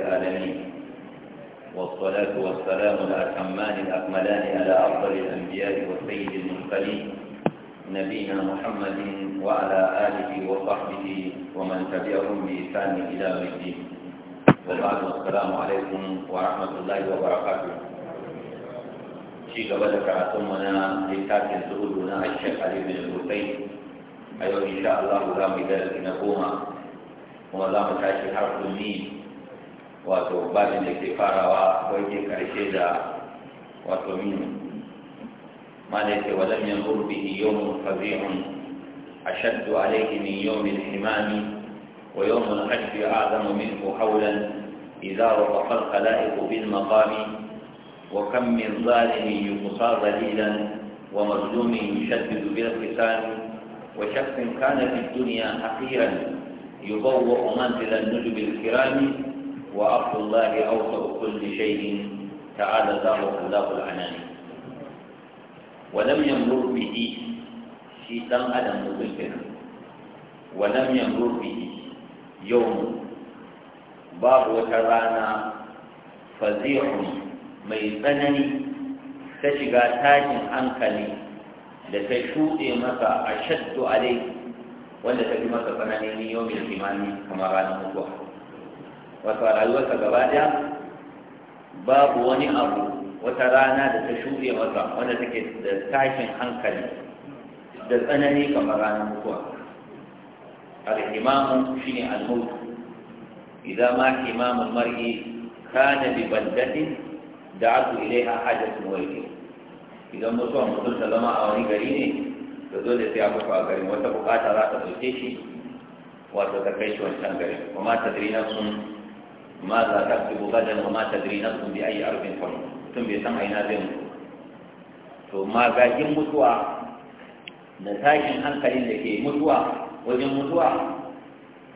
العالمين والصلاة والسلام الأكمان الأكملان على أفضل الأنبياء والسيد المرسلين نبينا محمد وعلى آله وصحبه ومن تبعهم بإحسان إلى يوم الدين والبعد السلام عليكم ورحمة الله وبركاته شيخ بدك عصمنا لكاتب سؤولنا الشيخ علي بن الحسين أيوة إن شاء الله لا مدار نقوم ولا متعشي حرف النيل wato babin da ke farawa ko yake karshe da wato min مالك ولم ينظر به يوم فظيع أشد عليه من يوم الحمام ويوم الحشد أعظم منه حولا إذا رفق الخلائق بالمقام وكم من ظالم يقصى ذليلا ومظلوم يشدد بالقتال وشخص كان في الدنيا حقيرا يبوأ منزل النجب الكرام وعبد الله أوسع كل شيء تعالى ذره الله العنان ولم يمر به شيطان أدم مذكر ولم يمر به يوم باب وترانا فزيع ميزنني تشغى تاج أنكلي لتشوء مكة أشد عليه ولا تجمك فنانين يوم الإيمان كما رانا مطوحه wato a rayuwarsa gaba ɗaya babu wani abu wata rana da ta shuɗe masa wanda take da tashin hankali da tsanani kamar ranar mutuwa al-imamu shine al idan idza ma imamu al-mar'i kana bi da baldatin a hajjar su wa idan mutuwa mutum ta zama a wani gari ne da zo da sai abubuwa a garin wata bukata za ta ɗauke shi wato ta kai shi wancan gari, kuma ta diri na sun ma za ta fi bugadan wa mata gari na sun bi ayi arfin kwan tun bai san aina zai mutu to ma mutuwa na tashin hankalin da ke mutuwa wajen mutuwa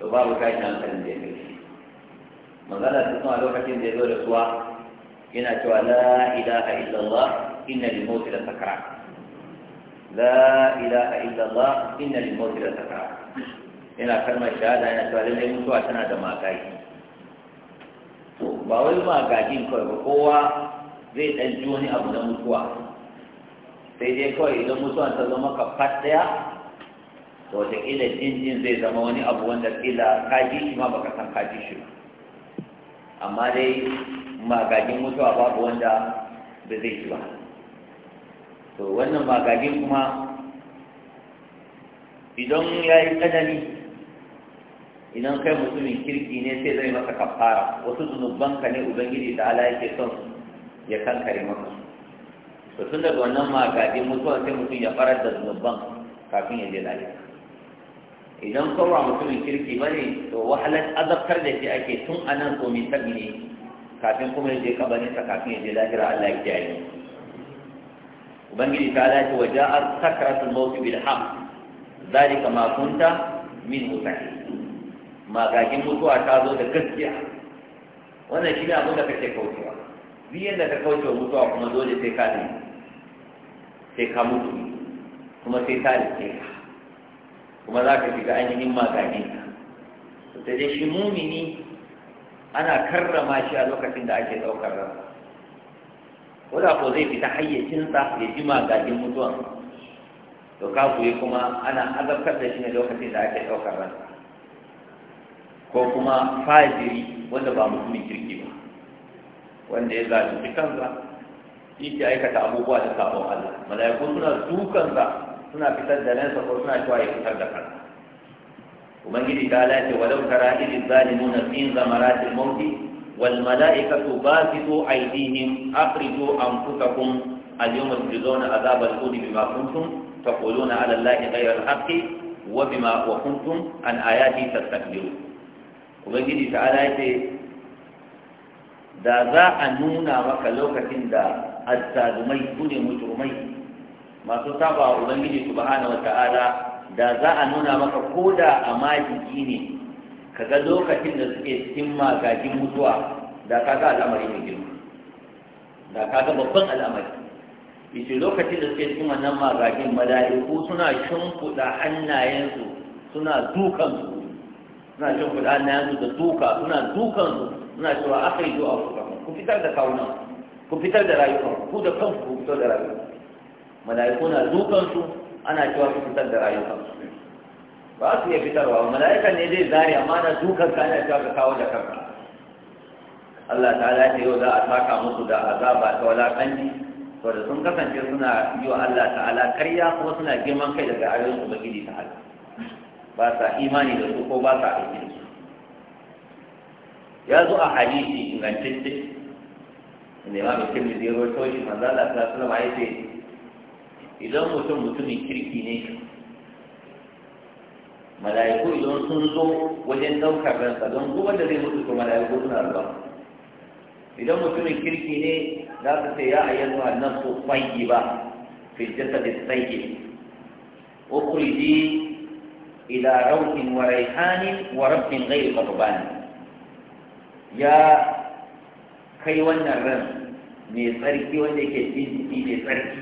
to babu tashin hankalin da ya fi magana suna lokacin da ya zo da suwa yana cewa la ilaha illallah inna lil mawt sakara la ilaha illallah inna lil mawt sakara ina kalmar shahada yana cewa lalle mutuwa tana da makai ba wai ma gajin kawai ba kowa zai ɗan ji wani abu na mutuwa sai dai kawai idan mutuwa ta zama ka ɗaya to ila jinjin zai zama wani abu wanda ila ka ji shi ma baka san ka ji shi ba amma dai magagin mutuwa babu wanda ba zai ci ba to wannan magagin kuma idan ya yi tsanani idan kai mutumin kirki ne sai zai masa kafara wasu zunubanka ne ubangiji da ala yake son ya kankare maka to tun daga wannan magadi mutuwa sai mutum ya farar da zunuban kafin ya je lafiya idan kowa mutumin kirki ba ne to wahalar azabtar da shi ake tun a nan komi tabi ne kafin kuma ya je kabarinsa kafin ya je lahira allah ya kiyaye ubangiji ta lati waje a sakaratul mawti bil haq zalika ma kunta min mutahi magagin mutuwa ta zo da gaskiya wannan shi ne abin da kake kaucewa duk yadda ka kauce wa mutuwa kuma dole sai ka ne sai ka mutu kuma sai ta rike ka kuma za ka shiga ainihin magagin ka sai dai shi mumini ana karrama shi a lokacin da ake ɗaukar rana ko da ko zai fita hayyacinsa ya ji magagin mutuwan to ka kuma ana azabtar da shi ne lokacin da ake ɗaukar rana ko kuma fajiri wanda ba mutumin kirki ba wanda ya zaci kansa shi ke aikata abubuwa da sabon Allah mala'iku suna dukansa suna fitar da lansa ko suna cewa ya fitar da kansa ubangiji ta lace walau tara idin zalimuna fi zamaratil mauti والملائكة باسطوا أيديهم أخرجوا أنفسكم اليوم تجزون عذاب الخلد بما كنتم تقولون على الله غير الحق وبما an عن آياته تستكبرون ubangiji ta'ala ala ce da za a nuna maka lokacin da azzalumai bude mujrumai masu saba ubangiji subhanahu wata'ala da za a nuna maka ko da a majiki ne kaga lokacin da suke cikin magajin mutuwa da kaga al'amari mai girma da kaga babban al'amari yace lokacin da suke cikin wannan magajin mala'iku suna shimfiɗa hannayensu suna dukan su suna cin kuɗa na yanzu da duka suna dukansu, suna cewa aka yi zuwa ku ku fitar da kawunan ku fitar da rayukan ku da kanku ku fitar da rayukan mala'iku na dukansu, ana cewa ku fitar da rayukan ba su iya fitarwa mala'ika ne zai zare amma na dukan ka ana cewa ka kawo da kanka Allah ta'ala ce yau za a saka musu da azaba ta walakanci saboda sun kasance suna yi wa Allah ta'ala karya kuma suna girman kai daga ayoyin ta ta'ala ba sa imani da su ko ba sa aikin su ya zo a hadisi ingantacce inda imam mutum da zero ta wani manzo Allah ta sallama ya ce idan mutum mutumin kirki ne mala'iku idan sun zo wajen ɗaukar ransa don kuma da zai mutu to mala'iku suna zuwa idan mutumin kirki ne za su ce ya ayyana ayyatu an-nafsu tayyiba fi jasadi tayyib ukhriji إلى روح وريحان ورب غير غضبان يا kai wannan ran mai tsarki wanda yake jiki mai tsarki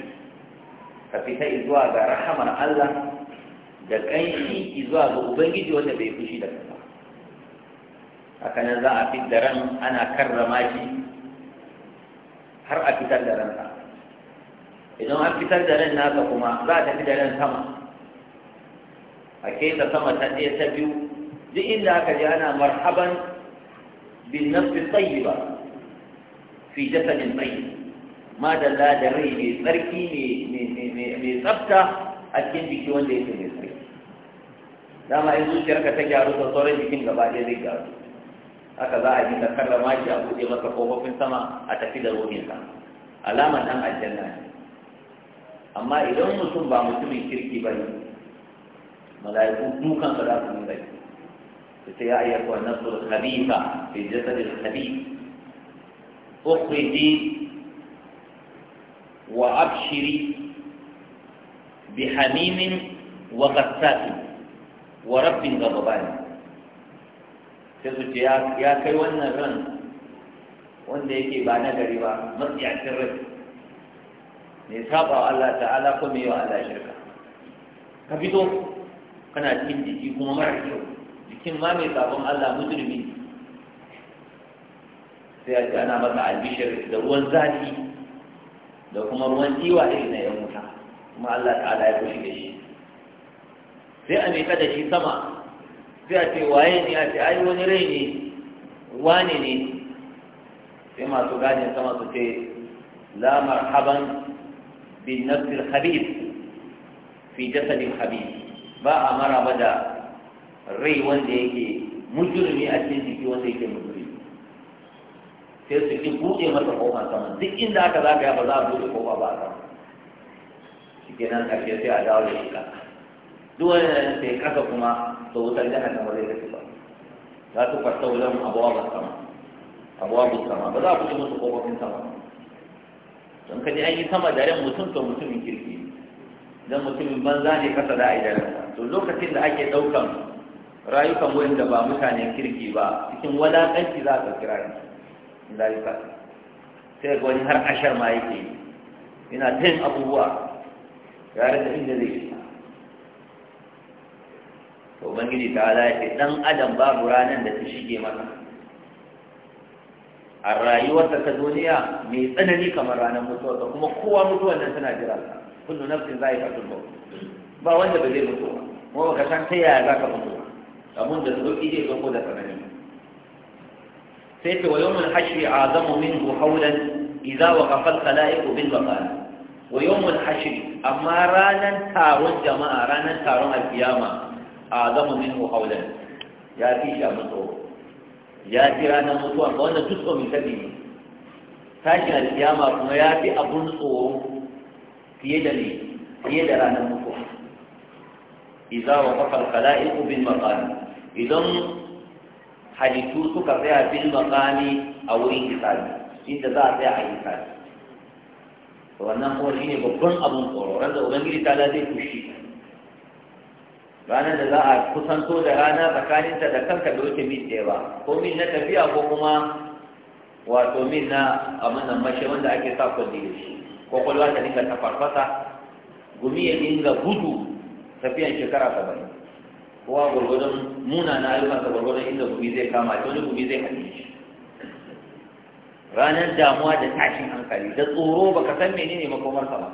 ka fita zuwa ga rahamar Allah da ƙanshi zuwa ga Ubangiji wanda bai fushi da kuma haka nan a fita ran ana karrama shi har a fitar da ranta. idan an fitar da ran nasa kuma za ta fi da ran sama a keta sama ta ɗaya ta biyu duk inda aka ji ana marhaban bin tsayi ba fi jasadin tayyib ma da da rai mai tsarki mai tsafta a cikin jiki wanda yake mai tsarki dama in zuciyarka ta gyaru da sauran jikin gaba ɗaya zai gyaru haka za a yi da karrama shi a buɗe masa kofofin sama a tafi da ruhinsa alamar ɗan aljanna ne amma idan mutum ba mutumin kirki ba ne Malayu dukan ka za su yi rai sai ya ayyuka nafsul khabitha fi jasadil khabith ukhrijī wa abshiri bi hamimin wa ghassatin wa rabbin ghadabani sai su ce ya kai wannan ran wanda yake ba na gari ba matsiyacin rai ne saba wa Allah ta'ala kuma mai wa Allah shirka ka fito kana cikin jiki kuma mara kyau jikin ma mai sabon Allah mujrimi sai a ce ana masa albishir da ruwan zafi da kuma ruwan tiwa irin na yan wuta kuma Allah ta'ala ya kushe da shi sai a mika da shi sama sai a ce waye ne a ce ai wani rai ne wane ne sai masu gane sama su ce la marhaban bin nafsil habib fi jasadin habib ba a maraba da rai wanda yake mujurmi a cikin jiki wanda yake mujurmi sai su ki buɗe masa kofa sama duk inda aka ka ba za a buɗe kofa ba a sama shi ke nan ƙarshe sai a dawo da shi ƙasa duk wani nan sai ƙasa kuma to wutar da zai tafi ba za su fasta wajen abuwa ba sama abuwa ba sama ba za a buɗe kofa kofofin sama don ka ji an yi sama da yan mutum to mutumin kirki don mutumin banza ne kasa da a yi da ran to lokacin da ake ɗaukan rayukan wurin da ba mutane kirki ba cikin wadatanci za ka kira ne rayuka sai ga wani har ashar ma yake ina abubuwa yare da inda zai yi to ubangiji ta ala ya ce dan adam babu ranar da ta shige masa a rayuwarsa ta duniya mai tsanani kamar ranar mutuwarsa kuma kowa mutuwar nan tana jira kullu nafsin ka maut ba wanda ba zai mutu kuma baka san ta yaya za ka mutu abun da sauki zai zo ko da tsanani sai ta wayo mun hashi a zama min haulan idza wa kafal khala'iqu bil waqal wa yawmul hashri amma ranan taron jama'a ranan taron alkiyama a zama min haulan ya fi shi a mutu ya fi ranar mutuwa ga wanda duk tsomi sabi ne tashin alkiyama kuma ya fi abun tsoro fiye da ne fiye da ranar mutuwa idza waqafa al-khala'iq bil maqami idan halittu suka saya bil maqami a wurin hisabi inda za a tsaya a hisabi to wannan kuma shine babban abun tsoro wanda ubangiji ta zai kushi ranar da za a kusanto da rana tsakaninta da kanka da wuce min ɗaya ba ko mil na tafiya ko kuma wato mil na wanda ake sa kwalli da ko ta dinga ta farfasa gumi ya dinga gudu tafiyan shekara saba'in kowa gwargwadon muna na ayyukan sa gwargwadon inda gumi zai kama ta wani gumi zai haɗe shi ranar damuwa da tashin hankali da tsoro baka san menene makomar ka ba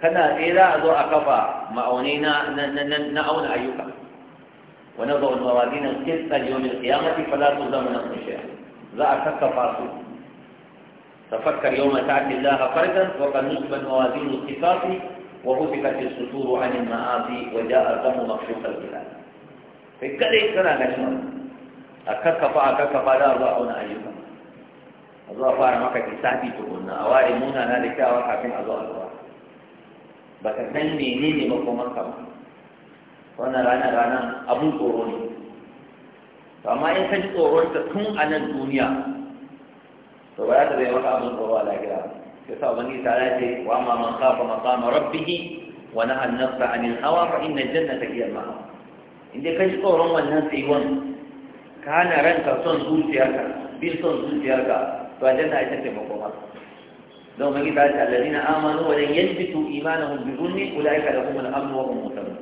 kana tsaye za a zo a kafa ma'aunai na na auna ayyuka na yau ونضع الموازين القسط ليوم القيامة فلا تظلم نفس شيئا لا أكفى تفكر يوم تأتي الله فردا وقد نصب الموازين القساط وهزفت السطور عن المعاصي وجاء الغم مكشوف البلاد في كل سنة نشمل أكفى أكفى لا الله أيها أيضا الله فارم مكة سعدي تقولنا أواري مونا ذلك وحاكم الله الله بتسمي نيني مقوما كما وانا رانا رانا أبو قروني فما ينسج قروني تكون أنا الدنيا فبعد ذلك أبو قروني yasa ubangiji ta ce wa amma man khafa maqama rabbih wa naha an-nafsa 'anil hawa fa inna al-jannata hiya al-ma'wa inda kai tsoron wannan tsayuwan ka hana ranka son zuciyarka bin son zuciyarka to aljanna ita ce makoma don ubangiji ta ce alladina amanu wa lam yalbisu imanahum bi dhulmi ulaika lahum al-amn wa hum muhtadun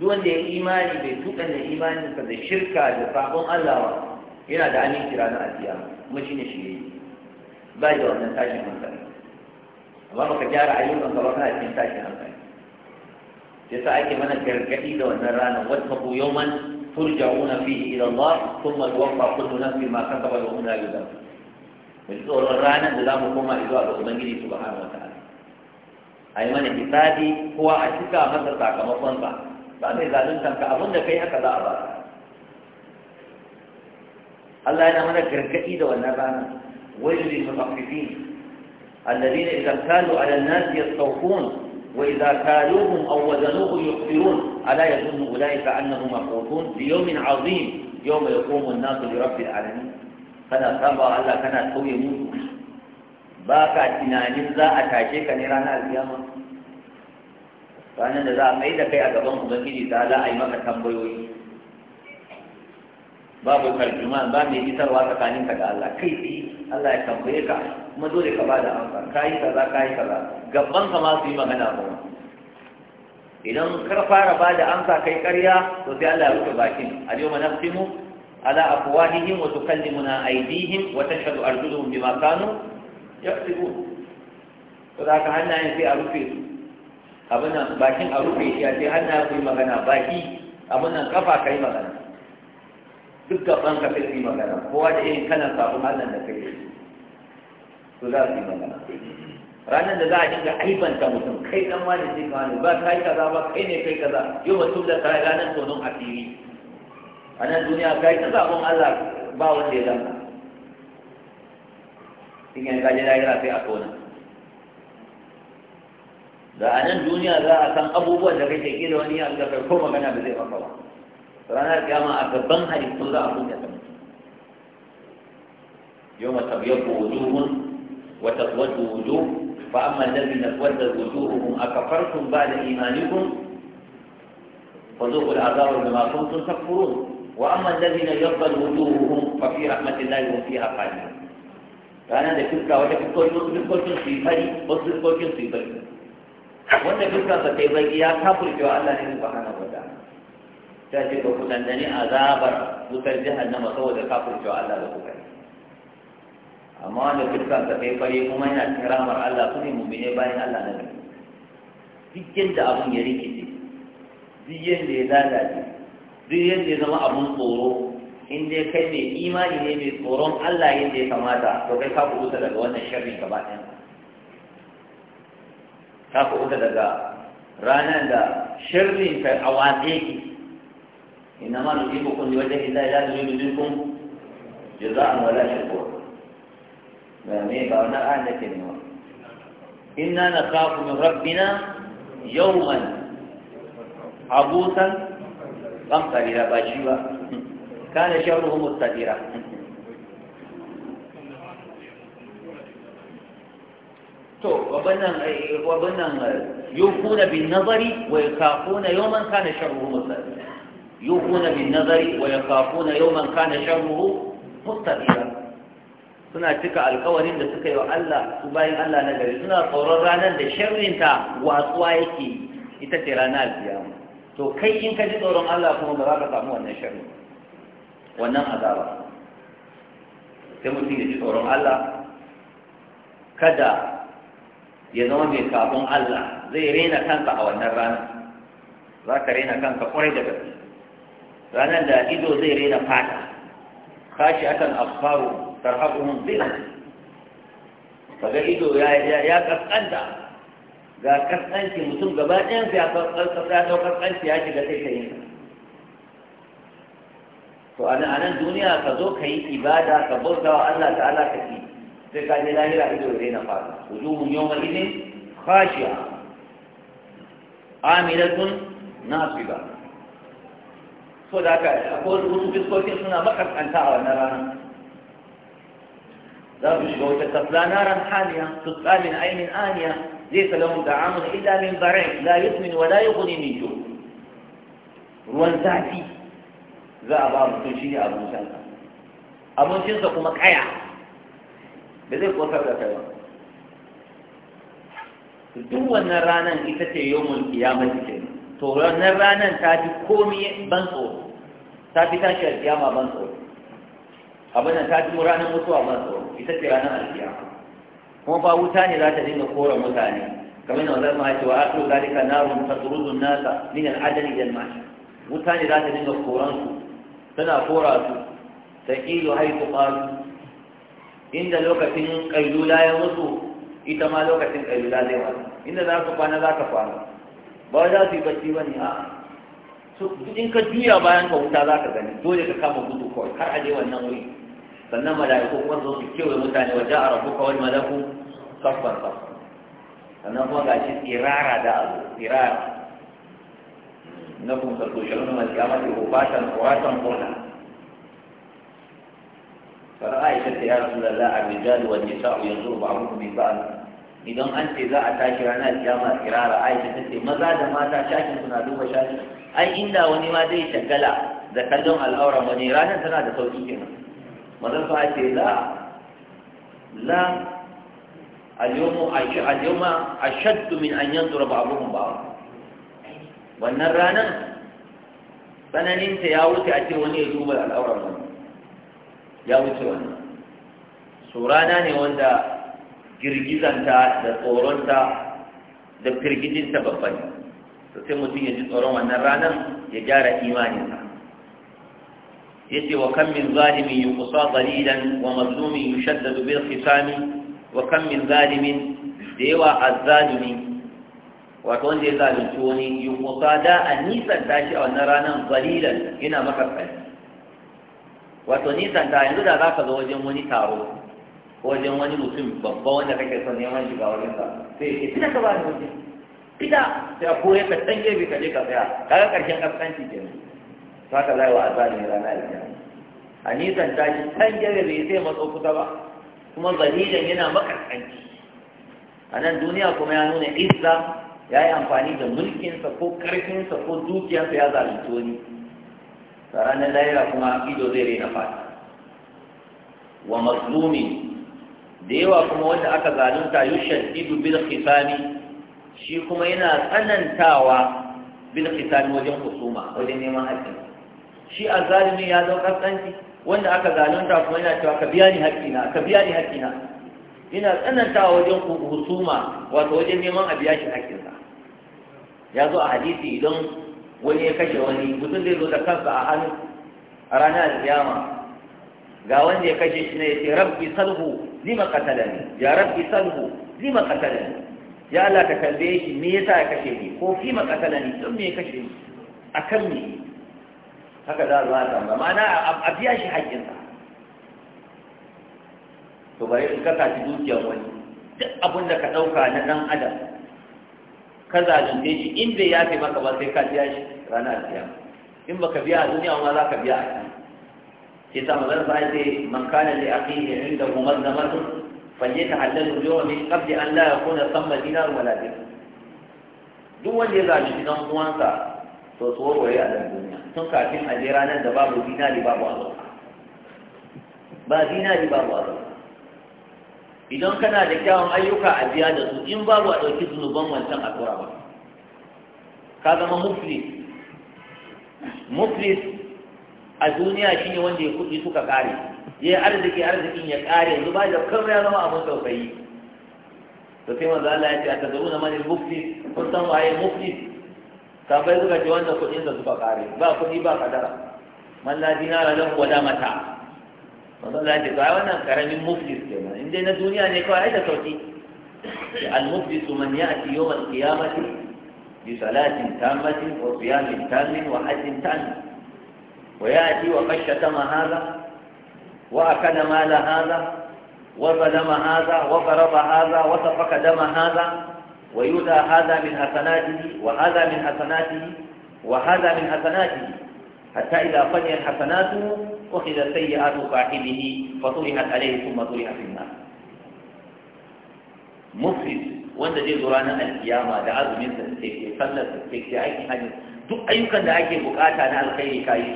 duk wanda ya imani bai tuka da imaninsa da shirka da sabon Allah yana da aminci ranar alkiyama kuma shine shi yayi ba da wannan tashin hankali amma baka gyara ayyukan ka ba kana cikin tashin hankali sai sa ake mana gargadi da wannan rana ranar wattaku yawman turja'una fihi ila Allah thumma tuwaffa kullu nafsin ma kasabat wa hum la yuzlamun mu ji tsoron rana da za mu koma zuwa ga Ubangiji subhanahu wa ta'ala ai mana hisabi kowa a cika masa sakamakon ba ba mai zaluntan ka abinda kai haka za a ba Allah yana mana gargaɗi da wannan rana wailul lil mutaffifin الذين إذا كانوا على الناس يستوفون وإذا كالوهم أو وزنوه يخفرون ألا يظن أولئك أنهم مخوفون ليوم عظيم يوم يقوم الناس لرب العالمين فلا صابع على كان توي موت باقى تنانين ذا أتاشيك نيران القيامة فأنا نزاع ميدا كي أدبان مبكين تعالى أي مكة تنبيوي باب الترجمان باب نبي سر واسقانين تقال الله كيفي الله يتنبيك عشو kuma dole ka bada amsa yi kaza yi kaza gaban ka ma su yi magana ba idan ka fara bada amsa kai ƙarya to sai Allah ya rufe bakin a yau mana naqtimu ala afwahihim wa tukallimuna aydihim wa tashhadu arjuluhum bima kanu yaktubun to da ka hannayen sai a rufe su abin nan bakin a rufe shi a sai hannayen su yi magana baki abin nan kafa kai magana duk gaban ka sai su yi magana kowa da irin kanan sabon Allah da kai to za su yi magana ranar da za a dinga aibanta mutum kai dan wani sai ka wani ba yi kaza ba kai ne kai kaza yau ba tun da kai ranar tonon asiri a nan duniya ka yi ta zaɓin Allah ba wanda ya zama in yanka je lahira sai a tona da a nan duniya za a san abubuwan da kake kira wani ya ga ko magana ba zai maka ba ranar kiyama a gaban halittu za a buɗe ta mutum yau mata biyar ko wujuhun وتزوج وجوه فأما الذين تودت وجوههم أكفرتم بعد إيمانكم فذوقوا العذاب بما كنتم تكفرون وأما الذين يبدل وجوههم ففي رحمة الله هم فيها خالدون ranar da fuska wata fuskokin su yi fari wasu fuskokin su yi fari wanda ba ta yi baki ya kafurce wa Allah ne subhanahu wa ta'ala ta ce ba ku dandani azabar wutar jahannama saboda kafurce wa Allah da kuka yi amma wanda dukkan ka kai fari kuma yana cikin ramar Allah su ne mummune bayan Allah na gari duk yadda abun ya rikice duk yadda ya lalace duk yadda ya zama abun tsoro in dai kai mai imani ne mai tsoron Allah yadda ya kamata to kai ka kuɓuta daga wannan sharrin gaba ɗaya ka kuɓuta daga ranar da sharrin ka a watsa ki? inna ma nujibukum li wajhi Allah la nujibu minkum jaza'an wala shukura إنا نخاف من ربنا يوما عبوسا قم قليلا باشيوا كان شعره مستديرا وبنن يوفون بالنظر ويخافون يوما كان شره مستديرا يوفون بالنظر ويخافون يوما كان شره مستديرا suna cika alkawarin da suka yi wa Allah su bayan Allah na gari suna tsoron ranar da sharrinta watsuwa yake ita ce rana alkiyama to kai in ka ji tsoron Allah kuma ba za ka samu wannan sharri wannan azaba sai mutum ya ji tsoron Allah kada ya zama mai kafin Allah zai rena kanka a wannan rana za ka rena kanka kwarai da gaske ranar da ido zai rena fata kashi akan afkaru tarhaquhum zina kaga ido ya ya kaskanta ga kaskanci mutum gaba ɗayan sa ya kaskanta kaskanci ya shiga sai kai to a nan duniya ka zo ka yi ibada ka bauta wa Allah ta'ala ka yi sai ka je lahira ido ya daina fara wujuhun yawma idin khashiya amiratun nasiba so da ka ko wasu fiskokin suna makaskanta a wannan rana za su shiga wata tafla haniya tutsa min ainin zai salamu da amun illa wa ruwan zafi za a ba mutum abincinsa kuma kaya ba zai da kai ba duk wannan ranar ita ce yawon ce to wannan ranar ta fi komi ban tsoro ta fi tashi a kiyama ban tsoro abin nan ta fi ranar mutuwa ban tsoro ita ce ranar alkiyama kuma ba wuta ne za ta dinga kora mutane kamar yadda zai mace wa akhiru zalika narun tasrudun nasa min al-adani ila al wuta ne za ta dinga koran su tana kora su taqilu haythu qalu inda lokacin kailula ya mutu ita ma lokacin kailula zai mutu inda za su kwana za ka kwana ba za su yi bacci ba ne a'a in ka juya bayan ka wuta za ka gani dole ka kama gudu kawai kar a je wannan wuri فانما لا يكون في سكيو المتعن وجاء ربك والملك صفا صفا فانما هو قال شيء ارارا دا الله ارارا نقوم سلطو من ما تيامت وفاشا وفاشا قولا فرأيت يا رسول الله الرجال والنساء ينظر بعضهم من بعض idan an ce za a tashi ranar kiyama kirara ai ta tace maza da mata shakin kuna duba shakin ai inda wani ma zai shagala da kallon manzon sa ce la la al-yawmu al-yawma ashaddu min an yanzura ba'dhum ba'd wannan ranar tsananinta ya wuce a ce wani ya duba al'aurar mu ya wuce wannan su rana ne wanda girgizanta da tsoronta da firgicinta babban to sai mutum ya ji tsoron wannan ranar ya gyara imaninsa يتي وكم من ظالم يقصى ضليلا ومظلوم يشدد بالخصام وكم من ظالم ديوى الظالم وكون من ظالم توني يقصى داء النيسا الداشئ ونرانا ضليلا هنا مكفل وتنيسا داء لدى ذاك ذو تارو هو مسلم بابا وانا كيف سنيوان جيكا ورنسا فيه كيف تنكبان مجي كيف تنكبان مجي كيف تنكبان مجي كيف تنكبان مجي to haka za rana alkiyama a nisan tashi kan gare bai sai matso kusa ba kuma zalilan yana makaskanci a nan duniya kuma ya nuna izza ya yi amfani da sa ko karfinsa ko dukiyarsa ya zalunci wani ranar lahira kuma ido zai raina fata wa mazlumi da yawa kuma wanda aka zalunta yushaddidu bil khisami shi kuma yana tsanantawa bil khisami wajen husuma wajen neman haƙƙin shi a zalimin ya zo kasance wanda aka zalunta kuma yana cewa ka biya ni haƙƙina ka biya ni haƙƙina ina tsanantawa wajen husuma wato wajen neman a biya shi haƙƙinsa ya zo a hadisi idan wani ya kashe wani mutum zai zo da kansa a hannu a ranar alƙiyama ga wanda ya kashe shi ne ya ce rabbi salhu lima qatalani ya rabbi salhu lima qatalani ya Allah ka tambaye shi me yasa ya kashe ni ko fi ma qatalani don me ya kashe ni akan me haka za a zo a tambaya a biya shi haƙƙinsa to bari in ka kaci dukiyar wani duk abin da ka ɗauka na ɗan adam ka zalunce shi in bai fi maka ba sai ka biya shi ranar kiyama in baka biya a duniya ma za ka biya a kiyama sai sa magana ba sai man kana li aqihi inda humar zamatu falyatahallalu yawma ne qabli an la yakuna thamma dinar wala dirham duk wanda ya zalunci dan uwansa to su warware a nan duniya tun kafin a je ranar da babu zinari babu azo ba zinari babu azo idan kana da kyawun ayyuka a biya da su in babu a ɗauki zunuban wancan a tura ba ka zama muflis muflis a duniya shine wanda ya kuɗi suka ƙare ya yi arziki arzikin ya ƙare yanzu ba da kawai ya zama abin tausayi to sai manzo Allah ya ce a tazaruna na al-muflis kun san waye muflis sabai suka ce wanda kuɗin da suka kare ba kuɗi ba kadara man la dinara lahu wala mata manzo Allah ya ce wannan karamin muflis kenan in na duniya ne kawai ai da sauki al muflis man ya'ti yawm al qiyamati bi salatin tammatin wa siyamin tamin wa hajjin tamin wa ya'ti wa qad shatama hadha wa akala mala hadha wa zalama hadha wa qaraba hadha wa safaqa dama hadha ويؤتى هذا من حسناته وهذا من حسناته وهذا من حسناته حتى إذا فنيت حسناته أخذت سيئات صاحبه فطرحت عليه ثم طرح في النار مفلس wanda zai zo ranar alkiyama da azumin sa take ke sallar sa take ke aikin hajji duk ayyukan da ake bukata na alkhairi kai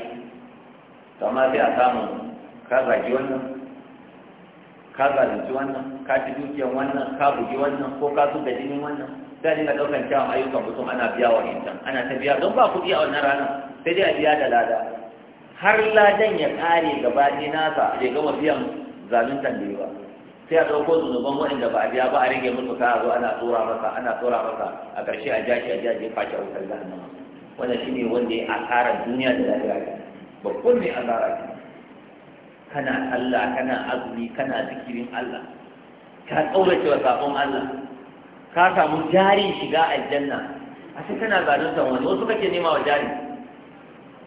to amma sai a samu ka zagi wannan ka zalunci wannan ka ci dukiyan wannan ka bugi wannan ko ka zuba jinin wannan sai dinga ɗaukan cewa ayyukan mutum ana biya wa intan ana ta biya don ba kuɗi a wannan ranar sai dai a biya da lada har ladan ya ƙare gaba ɗi nasa bai gama biyan zaluntan da yawa sai a ɗauko zunuban waɗanda ba a biya ba a rage musu ka zo ana tsora masa ana tsora masa a ƙarshe a jashi a jashi ya a wutar jahannama wannan shine wanda ya asara duniya da lafiya babban mai asara ne kana Allah kana azumi kana zikirin Allah ka kaurace wa sabon Allah ka samu jari shiga aljanna a sai kana ta wani wasu kake nema wa jari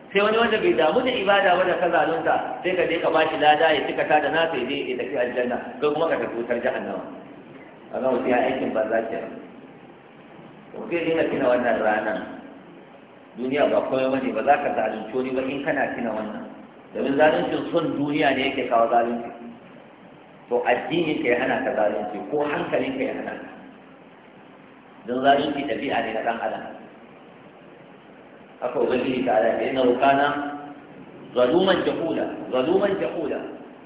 sai wani wanda bai damu da ibada ba da ka zalunta sai ka je ka bashi lada ya cika ta da nasa ya je ya tafi aljanna ko kuma ka tafi wutar jahannama a ga mutum ya aikin banza kenan ko sai dai na kina wannan rana, duniya ba komai bane ba za ka zalunci wani ba in kana kina wannan domin zalunci sun duniya ne yake kawo zalunci to addinin ka ya hana ka zalunci ko hankalin ka ya hana ka don zalunci tafiya ne na ɗan adam Aka haka ubangiji ta ala ina rukana zaluman jahula zaluman jahula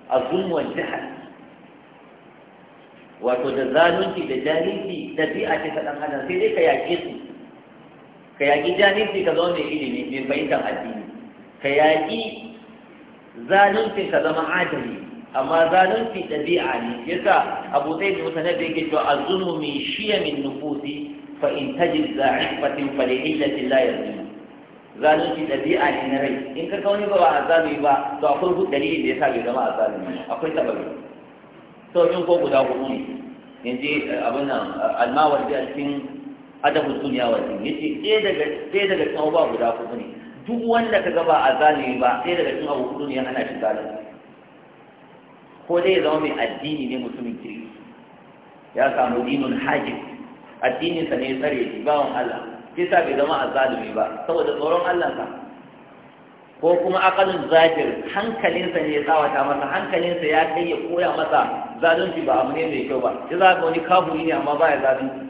azum wal jahl wato da zalunci da jahilci tafiya ce ta ɗan adam sai dai ka yaƙe su ka yaƙi jahilci ka zama mai ilimi mai fahimtar addini ka yaƙi zalunci ka zama adali amma zalunci ɗabi'a ne yasa abu zai bin wata da yake cewa azulmu min shiya min nufusi fa in tajid za'ifatin fa li illati la yazlim zalunci ɗabi'a ne na rai in ka kauni ba ba azami ba to akwai hudu dalilin da yasa bai zama azami akwai sababi to in ko guda hudu ne yanzu eh, abin nan eh, almawar da cikin adabul dunya wa din yace ɗaya daga ɗaya daga cikin ba guda hudu ne duk wanda ka gaba a zalimi ba sai daga cikin abu hudu ne ana shi zalimi ko dai ya zama mai addini ne mutumin kiri ya samu dinun hajji addinin sa ne ya tsare shi bawan Allah sai sa bai zama a zalimi ba saboda tsoron Allah sa ko kuma akalin zafir hankalinsa ne ya tsawata masa hankalinsa ya kai ya koya masa zalunci ba abu ne mai kyau ba sai za ka wani kafuri ne amma ba ya zalunci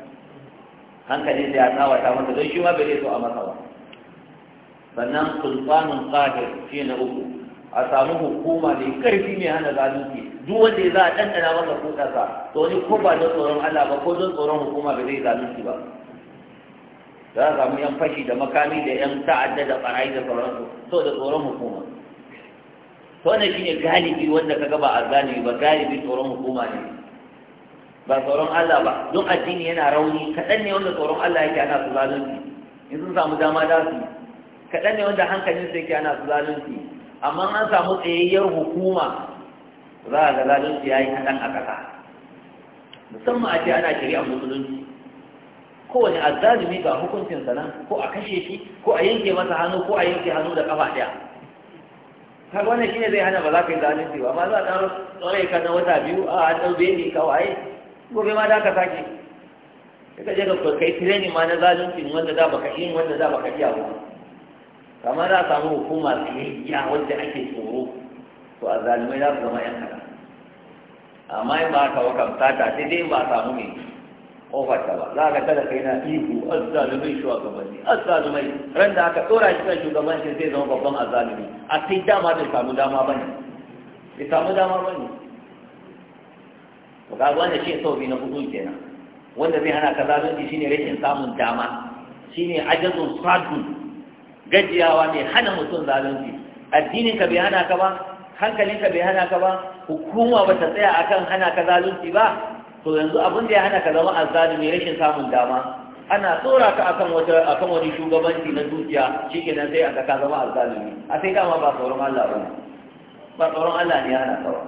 hankalinsa ya tsawata masa don shi ma bai so a masa ba sannan sultanin qahir shi na uku a samu hukuma da karfi mai hana zalunci duk wanda ya za a ɗanɗana masa kuɗarsa to ni ko ba don tsoron Allah ba ko don tsoron hukuma ba zai zalunci ba za a samu yan fashi da makami da yan ta'adda da ɓarayi da sauransu so da tsoron hukuma to wannan shine galibi wanda ka gaba a azzalimi ba galibi tsoron hukuma ne ba tsoron Allah ba don addini yana rauni kaɗan ne wanda tsoron Allah yake ana su zalunci in sun samu dama za su yi kaɗan ne wanda hankalin sai ke ana su zalunci amma an samu tsayayyar hukuma za a ga zalunci ya yi kaɗan a ƙasa musamman a ce ana shari'a musulunci kowane azzalumi ga hukuncin nan ko a kashe shi ko a yanke masa hannu ko a yanke hannu da ƙafa ɗaya kaga wannan shine zai hana ba za ka yi zalunci ba amma za a ɗan tsaye ka na wata biyu a an ɗau ne kawai gobe ma da ka sake ka je ka kai training ma na zalunci wanda za baka yi wanda za baka iya ba kamar za a samu hukuma tsayayya wadda ake tsoro to a zalimai za su zama yan kada amma in ba haka wa ta sai dai ba a samu ne ofarta ba za ka tada kai na ihu azzalumai shugabanni azzalumai ran da aka tsora shi kan shugabanci zai zama babban azzalumi a sai dama bai samu dama ba ne bai samu dama ba ne to kaga wannan shi sau biyu na hudu kenan wanda zai hana ka zalunci shine rashin samun dama shine ajazun sadun gajiyawa mai hana mutum zalunci addinin ka bai hana ka ba hankalin ka bai hana ka ba hukuma ba ta tsaya akan hana ka zalunci ba to yanzu abin da ya hana ka zama mai rashin samun dama ana tsora ka akan wata akan wani shugabanci na dukiya shikenan sai aka ka zama azzalumi a sai dama ba tsoron Allah ba ba tsoron Allah ne hana ka ba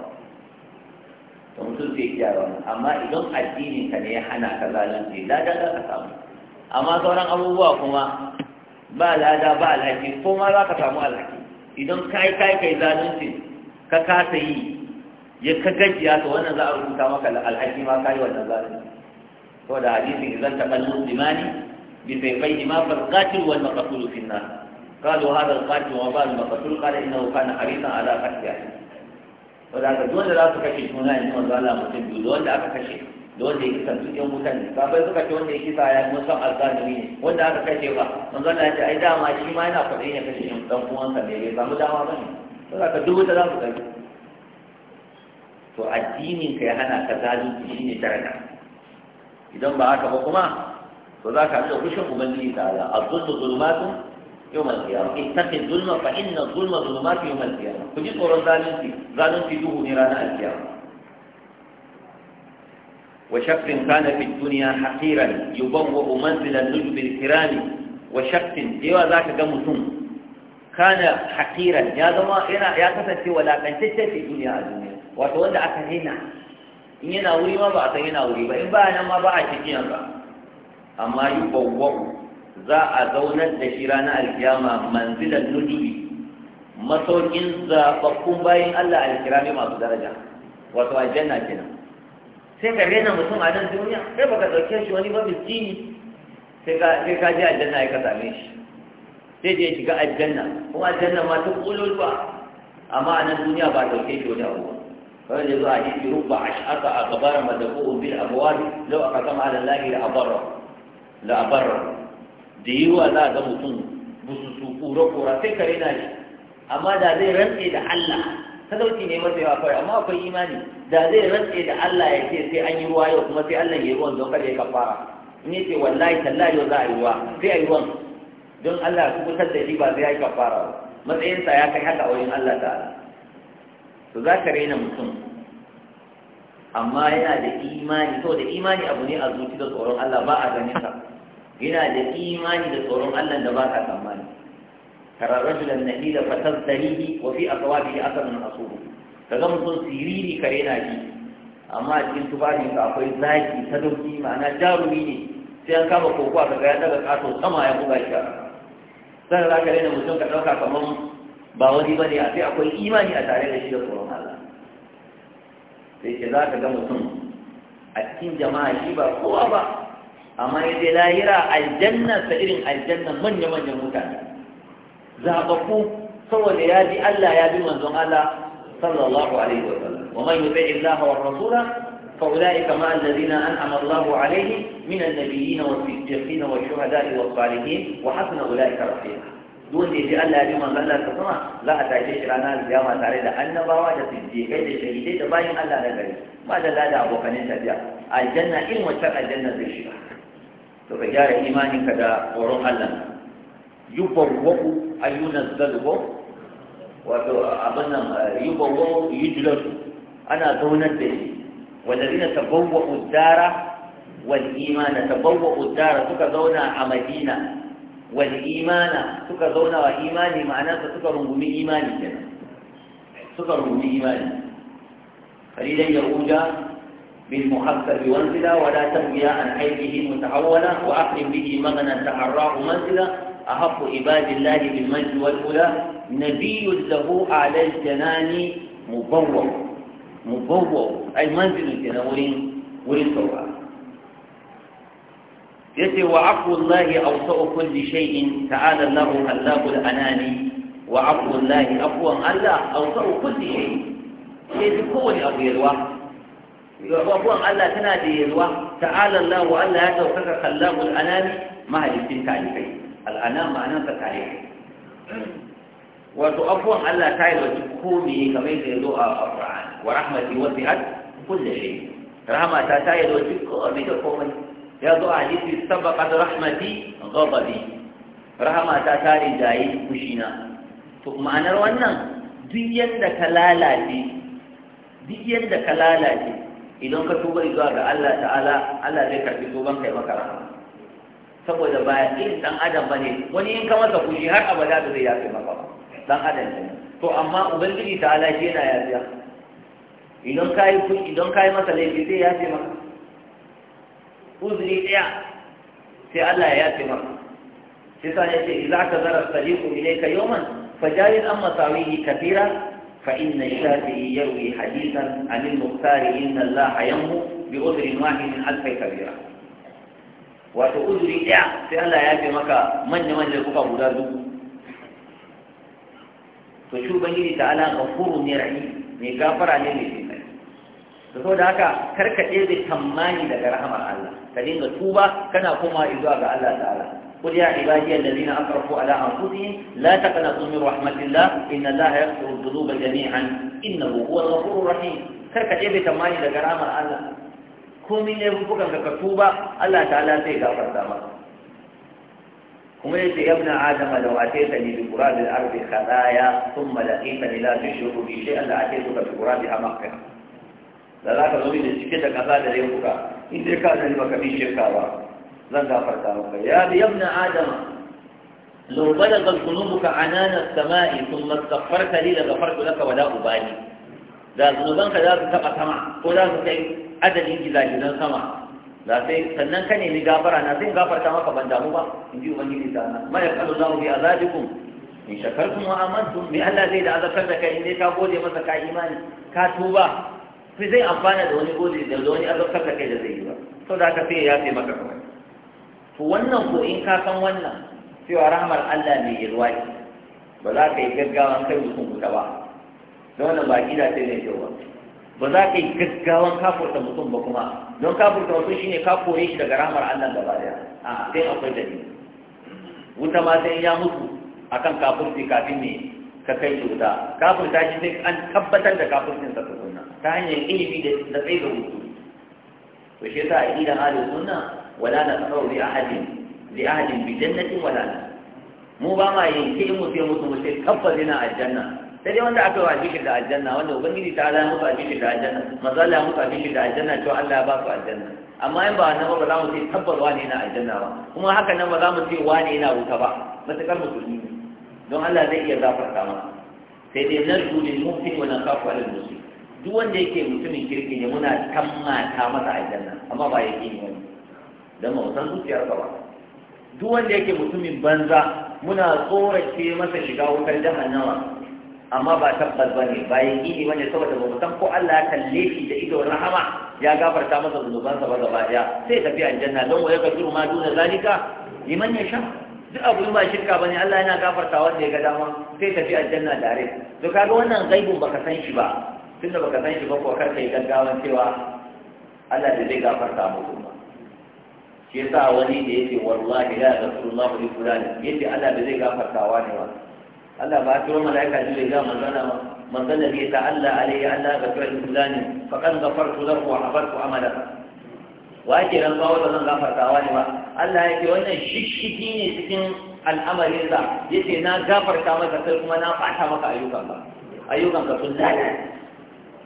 to mutum zai gyara wannan amma idan addinin ka ne ya hana ka zalunci da ka samu amma sauran abubuwa kuma ba lada ba alhaki ko ma za ka samu alhaki idan kai kai kai zalunci ka kasa yi ya ka gajiya to wannan za a rubuta maka alhaki ma kai wannan zalunci to da hadisin idan ta kallu limani bi sayfai ma fal qatil wal maqtul fi an-nar qalu hadha al-qatil wa ba'd maqtul qala innahu kana harisan ala qatl to da ka dole za su kashe juna in wanda Allah mutum biyu wanda aka kashe da wanda ya kisa duk yan wuta ne babai suka ce wanda ya kisa ya kuma san alƙalami ne wanda aka kashe ba manzo Allah ya ce ai dama shi ma yana kwaɗayin ya kashe yan ɗan uwansa ne bai mu dama ba ne saboda ka duk wuta za su kai to addinin ka ya hana ka zalunci shine daraja idan ba haka ba kuma to za ka da kushin ubangiji ta ala azzulmu zulmatun yawm al-qiyamah ittaqi zulma fa inna zulma zulmatun yawm al-qiyamah kuji tsoron zalunci zalunci duhu ne ranar al-qiyamah وشخص كان في الدنيا حقيرا يبوأ منزل النجب الكرام وشخص سوى ذاك جمتون كان حقيرا يا زما هنا يا كسر سوى لا في الدنيا الدنيا وتولى أكهنا in yana wuri ma ba a san yana wuri ba in ba nan ma ba a cikin ba amma yi za a zaunar da shi ranar alkiyama manzilan nujubi masaukin zaɓaɓɓun bayan Allah alkirami masu daraja wato aljanna kenan sai ka rena mutum a nan duniya sai baka ɗauke shi wani ba miskini sai ka je aljanna ya ka same shi sai je shiga aljanna kuma aljanna ma ta ƙulul amma a nan duniya ba ɗauke shi wani abu kawai da zuwa hadisi rubba ash'aka a gabar madafu'un bil abwab law aqama ala allahi la abarra la abarra da yi yiwa za a ga mutum busu su kura kura sai ka rena shi amma da zai rantse da Allah talauci ne masa yawa kawai amma akwai imani da zai rantse da Allah ya ce sai an yi ruwa yau kuma sai Allah ya yi ruwan don kada ya kafara in ya ce wallahi tallahi yau za a yi ruwa sai a yi ruwan don Allah su kubutar da shi ba sai ya yi kafara ba matsayinsa ya kai haka a wurin Allah ta'ala to za ka raina mutum amma yana da imani to da imani abu ne a zuci da tsoron Allah ba a ganin sa yana da imani da tsoron Allah da ba ka tsammani ترى الرجل النهيل فتزدريه وفي أصوابه أثر حصوب kaga mutum siriri kare na ji amma cikin tubajin ka akwai zaki sadauki ma'ana jarumi ne sai an kama kokowa ka ga ya daga kato sama ya buga shi za ka rena mutum ka ɗauka kamar ba wani ba ne a sai akwai imani a tare da shi da tsoron Allah sai ce za ka ga mutum a cikin jama'a ba kowa ba amma ya lahira aljanna irin aljanna manya-manyan mutane zaɓaɓɓu saboda ya ji Allah ya bi manzon Allah sallallahu alaihi wa sallam wa man yuti Allah wa rasula fa ulaika ma alladhina an'ama Allah alaihim min an-nabiyyin wa as-siddiqin wa ash-shuhada'i wa as-salihin wa hasuna ulaika rafiqa duk da ji Allah ya bi manzon Allah ta sama za a tashi shi ranar kiyama tare da annabawa da siddiqai da shahidai da bayin Allah na gari ba da lada abokanin tafiya aljanna in wacce aljanna zai shiga to ka gyara imaninka da tsoron Allah yubarwa'u ayyunan zalubo wato abin nan yi gbogbo yi julotu ana zaunar da shi wadari na tabbawa uddara wani imana tabbawa uddara suka zauna a madina wani imana suka zauna wa imani ma'ana su suka rungumi imani ke suka rungumi imani kalilan ya uja bin muhakkar bi wanzila wa la tabiya an aikihi mutahawwala wa aqim bihi maganan ta'arrahu manzila أحق عباد الله بالمجد والأولى نبي له على الجنان مبوع مبوع أي منزل الجنورين والسوء يتي وعفو الله أوسع كل شيء تعالى الله خلاق الأنان وعفو الله أفوى ألا أوسع كل شيء شيء كون أبو يلوى عفوا الله تنادي يلوى تعالى الله الا هذا وكذا خلاق الأناني ما هل يستمتع لكيه al'ana ma'anan sa kare wato abuwan Allah ta yi wajen komi kamar yadda ya zo a Qur'an wa rahmati wasi'at kulli shay rahama ta ta yi wajen komi da komai ya zo a hadisi sabaqat rahmati ghadabi rahama ta ta rijayi kushina to ma'anar wannan duk yadda ka lalace duk yadda ka lalace idan ka tuba zuwa ga Allah ta'ala Allah zai karbi tuban kai maka rahama saboda ba irin dan adam bane wani in ka masa fushi har abada da zai yafe maka ba dan adam ne to amma ubangiji ta ala shi yana yafiya idan ka yi fushi idan ka yi masa laifi zai yafe maka uzuri ɗaya sai Allah ya yafe maka sai sa ne ce idza ka zara sadiqu ilayka yawman fajalil amma sawihi kathira fa inna shafi'i yarwi hadithan anil muhtari inna Allah yanmu bi udri wahidin alfa kabira wato uzuri ɗaya sai Allah ya fi maka manya-manyan kuka guda dubu to shi ubangiji ta ala gafuru ne rahi mai gafara ne mai jinkai to saboda haka karka ɗebe tammani daga rahamar Allah ka dinga tuba kana koma zuwa ga Allah ta'ala قل يا عبادي الذين أسرفوا على أنفسهم لا تقنطوا من رحمة الله إن الله يغفر الذنوب جميعا إنه هو الغفور الرحيم كركة إبتا مالي الله komai ne rufukan ka tuba Allah ta'ala zai gafarta maka kuma yace ya ibn adam law ataita li biqurab al-ard khadaya thumma laqita li la tushriku bi shay'in ta ataita bi qurab da za ka zo da cike da kaza da laifuka in dai ka sani baka bi shirka ba zan gafarta maka ya ibn adam لو بلغت ذنوبك عنان السماء ثم استغفرت لي لغفرت لك ولا أبالي ذا ذنوبانك ذا تبقى سمع ولا تكيف adadin gizagizan sama da sai sannan ka nemi gafara na sai gafarta maka ban damu ba in ji ubangiji ta na ma za mu bi azabikum in shakartum wa amantum bi Allah zai da azabtar da kai in ka gode masa ka imani ka tuba sai zai amfana da wani gode da wani azabtar da kai da zai yi ba saboda ka sai ya fi maka kawai to wannan ko in ka san wannan cewa rahmar Allah ya zuwa ba za ka yi gaggawa kai mutum kuta ba don wannan ba da sai ne yi ba ba za ka yi gaggawan kafurta mutum ba kuma don kafurta mutum shine ka kore shi daga rahmar Allah gaba daya a sai akwai ni. wuta ma sai ya mutu kan kafurci kafin ne ka kai shi wuta kafurta shi sai an tabbatar da kafurcin sa tukunna ta hanyar ilimi da da tsaye da mutu to shi yasa ila hali sunna wala na tsaro li ahadin li ahadin bi jannatin wala mu ba ma yin in mu sai mutu mu sai tabbata na aljanna sai dai wanda aka yi albishir da aljanna wanda ubangiji ta ala musu albishir da aljanna manzo Allah musu albishir da aljanna to Allah ba su aljanna amma in ba wannan ba za mu ce tabbar wane yana aljanna ba kuma haka nan ba za mu ce wane na wuta ba matakar musulmi don Allah zai iya zafarta ma. sai dai narju lil mu'min wa nakhafu al muslim duk wanda yake mutumin kirki ne muna tammata masa aljanna amma ba yake ne wani dan mu san zuciyar ka ba duk wanda yake mutumin banza muna tsorace masa shiga wutar jahannama amma ba tabbas ba ne bayan gini wani saboda ba san ko Allah ya kalle shi da ido rahama ya gafarta masa zunubansa ba gaba daya sai tafi janna don wa yakfiru ma duna zalika liman sha duk abu ba shirka bane Allah yana gafarta wanda ya ga dama sai tafi janna tare to kaga wannan gaibun baka san shi ba tunda baka san shi ba ko kar kai gaggawan cewa Allah da zai gafarta muku ba shi yasa wani da yake wallahi la rasulullah bi fulani yace Allah da zai gafarta wa ne wa Allah ba ta wani malaika ne ga manzana manzana ya ta Allah alayhi Allah ga fi'l fulani fa kan ghafartu lahu wa habartu amala wa ake ran bawo da zan gafartawa wani ba Allah ya ce wannan shishiki ne cikin al'amarin sa yace na gafarta maka sai kuma na fata maka ayyukan ka ayyukan ka sun lalace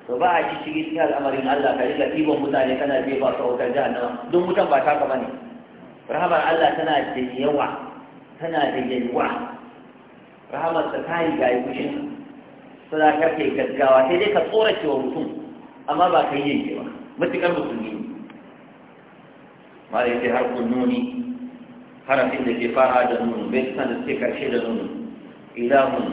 to ba a shishiki cikin al'amarin Allah ka riga ɗiban mutane kana je ba su autar jahannama don mutan ba ta ka bane rahamar Allah tana da yawa tana da yalwa rahamarsa ta riga ya kushin sadakar kai gaggawa sai dai ka tsorace wa mutum amma ba kai yanke ba matuƙar musulmi ne malai sai har kunnuni harafin da ke fara da nunu bai san da suke karshe da nunu ilahun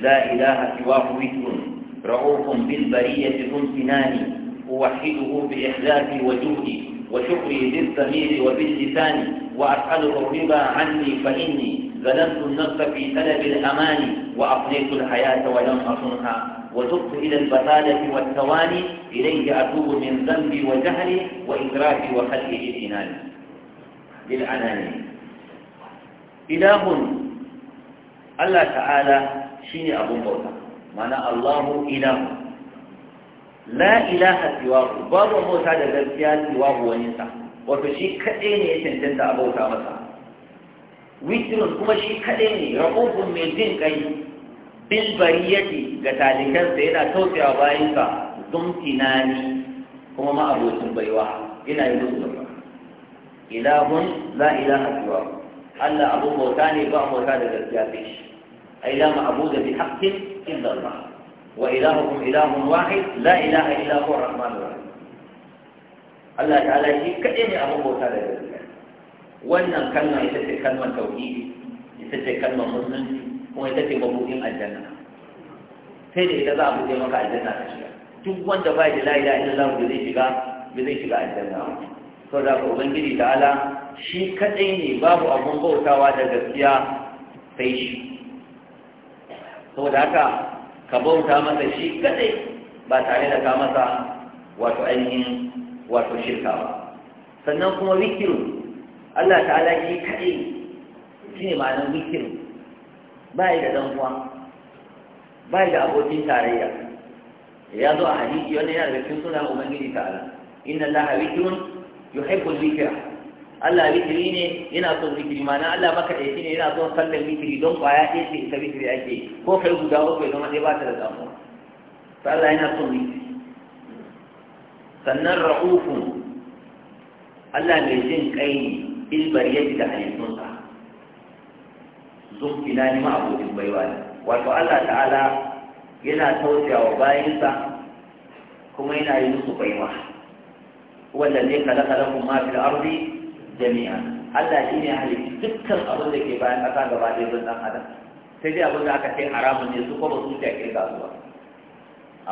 la ilaha siwa witun ra'ufun bil bariyati umtinani uwahhiduhu bi ihlasi wa juhdi وشكري بالضمير وباللسان وأسأله الرضا عني فإني غلبت النفس في طلب الأمان وأفنيت الحياة ولم أصنها وتبت إلى البطالة والثواني إليه أتوب من ذنبي وجهلي وإدراكي وخلقي للإنان للعنان إله الله تعالى شين أبو بوتا معنى الله إله لا إله سواه بابا موسى لذلك سواه ونسى وفي شيء كأين يتنتنت أبو تامسا witrun kuma shi kaɗai ne raƙofin mai jin ƙai bilbari bariyati ga talikansa yana tausaya bayansa ni. kuma ma'abocin baiwa ina yi musu zama ilahun la ilaha siwa Allah abu bauta ne ba bauta da gaskiya sai shi ai la ma'budu bi haqqin illa Allah wa ilahukum ilahun wahid la ilaha illa huwa ar-rahmanur rahim Allah ta'ala shi kaɗai ne abu bauta da gaskiya wannan kalma ita ce kalmar tauhidi ita ce kalmar musulunci kuma ita ce mabuɗin aljanna sai da ita za a buɗe maka aljanna ta shiga duk wanda ba da la ilaha illallah ba zai shiga ba zai shiga aljanna to da ka ubangiji ta'ala shi kadai ne babu abun bautawa da gaskiya sai shi saboda haka ka bauta masa shi kadai ba tare da ka masa wato ainihin wato shirka ba sannan kuma zikiru Allah ta'ala shi kaɗai shi ne ma'anar wikiru ba yi da ɗan uwa ba yi da abokin tarayya ya zo a hadisi wannan yana da cikin suna ubangiji ta'ala inna allaha wikrun yuhibbul wikra Allah wikiri ne yana so wikiri mana Allah maka ɗaya ne yana son sallar wikiri don ƙwaya ɗaya ce ita wikiri ake ko kai guda uku don ɗaya ba ta da damuwa to Allah yana son wikiri sannan ra'ufun Allah mai jin ƙai bilbariyati da halittunsa zun filani ma abokin baiwa ne wato Allah ta'ala yana tausaya wa bayansa kuma yana yi musu baiwa wanda ne kala kala kuma fil ardi jami'a Allah ne halitta dukkan abin da ke bayan ƙasa gaba ɗaya don dan adam sai dai abin da aka kai haramun ne su kuma su ta kirga zuwa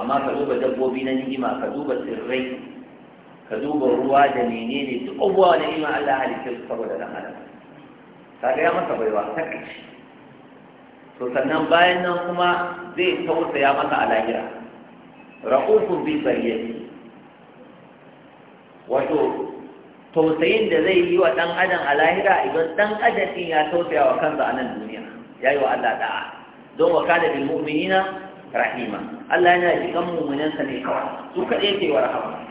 amma ka duba dabbobi na ni'ima ka duba tsirrai ka duba ruwa da menene duk abubuwa da ima Allah halitta su saboda ɗan adam kaga ya masa baiwa ta kashi to sannan bayan nan kuma zai tausaya masa a lahira ra'ufun bi bariyati wato tausayin da zai yi wa ɗan adam a lahira idan ɗan adam ɗin ya tausaya wa kansa a nan duniya ya yi wa Allah da'a don wa kada bil mu'minina rahima Allah yana jikan mu'minansa ne kawai su kaɗai yake wa rahama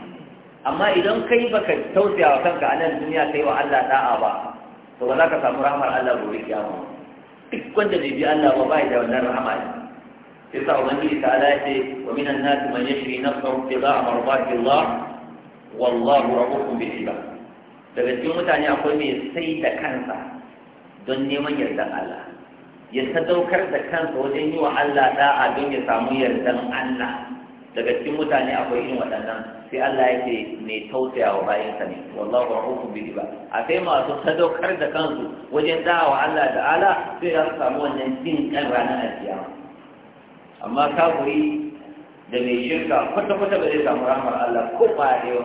amma idan kai baka tausaya wa kanka a nan duniya kai wa Allah da'a ba to ba za ka samu rahmar Allah gobe kiyama duk wanda bai bi Allah ba bai da wannan rahama ne yasa ubangiji ta ala ce wa minan nas man yashri nafsahu ibtida'a mardati Allah wallahu rabbukum bil ibad daga cikin mutane akwai mai sai da kansa don neman yardan Allah ya sadaukar da kansa wajen yi wa Allah da'a don ya samu yardan Allah daga cikin mutane akwai irin waɗannan sai Allah ya ce mai tausaya wa bayansa ne wallahu rahufu bil ibad akai masu sadaukar da kansu wajen da'awa Allah ta'ala sai za su samu wannan jin kan ranar alkiyama amma kafiri da mai shirka kwata kwata ba zai samu rahmar Allah ko fadewa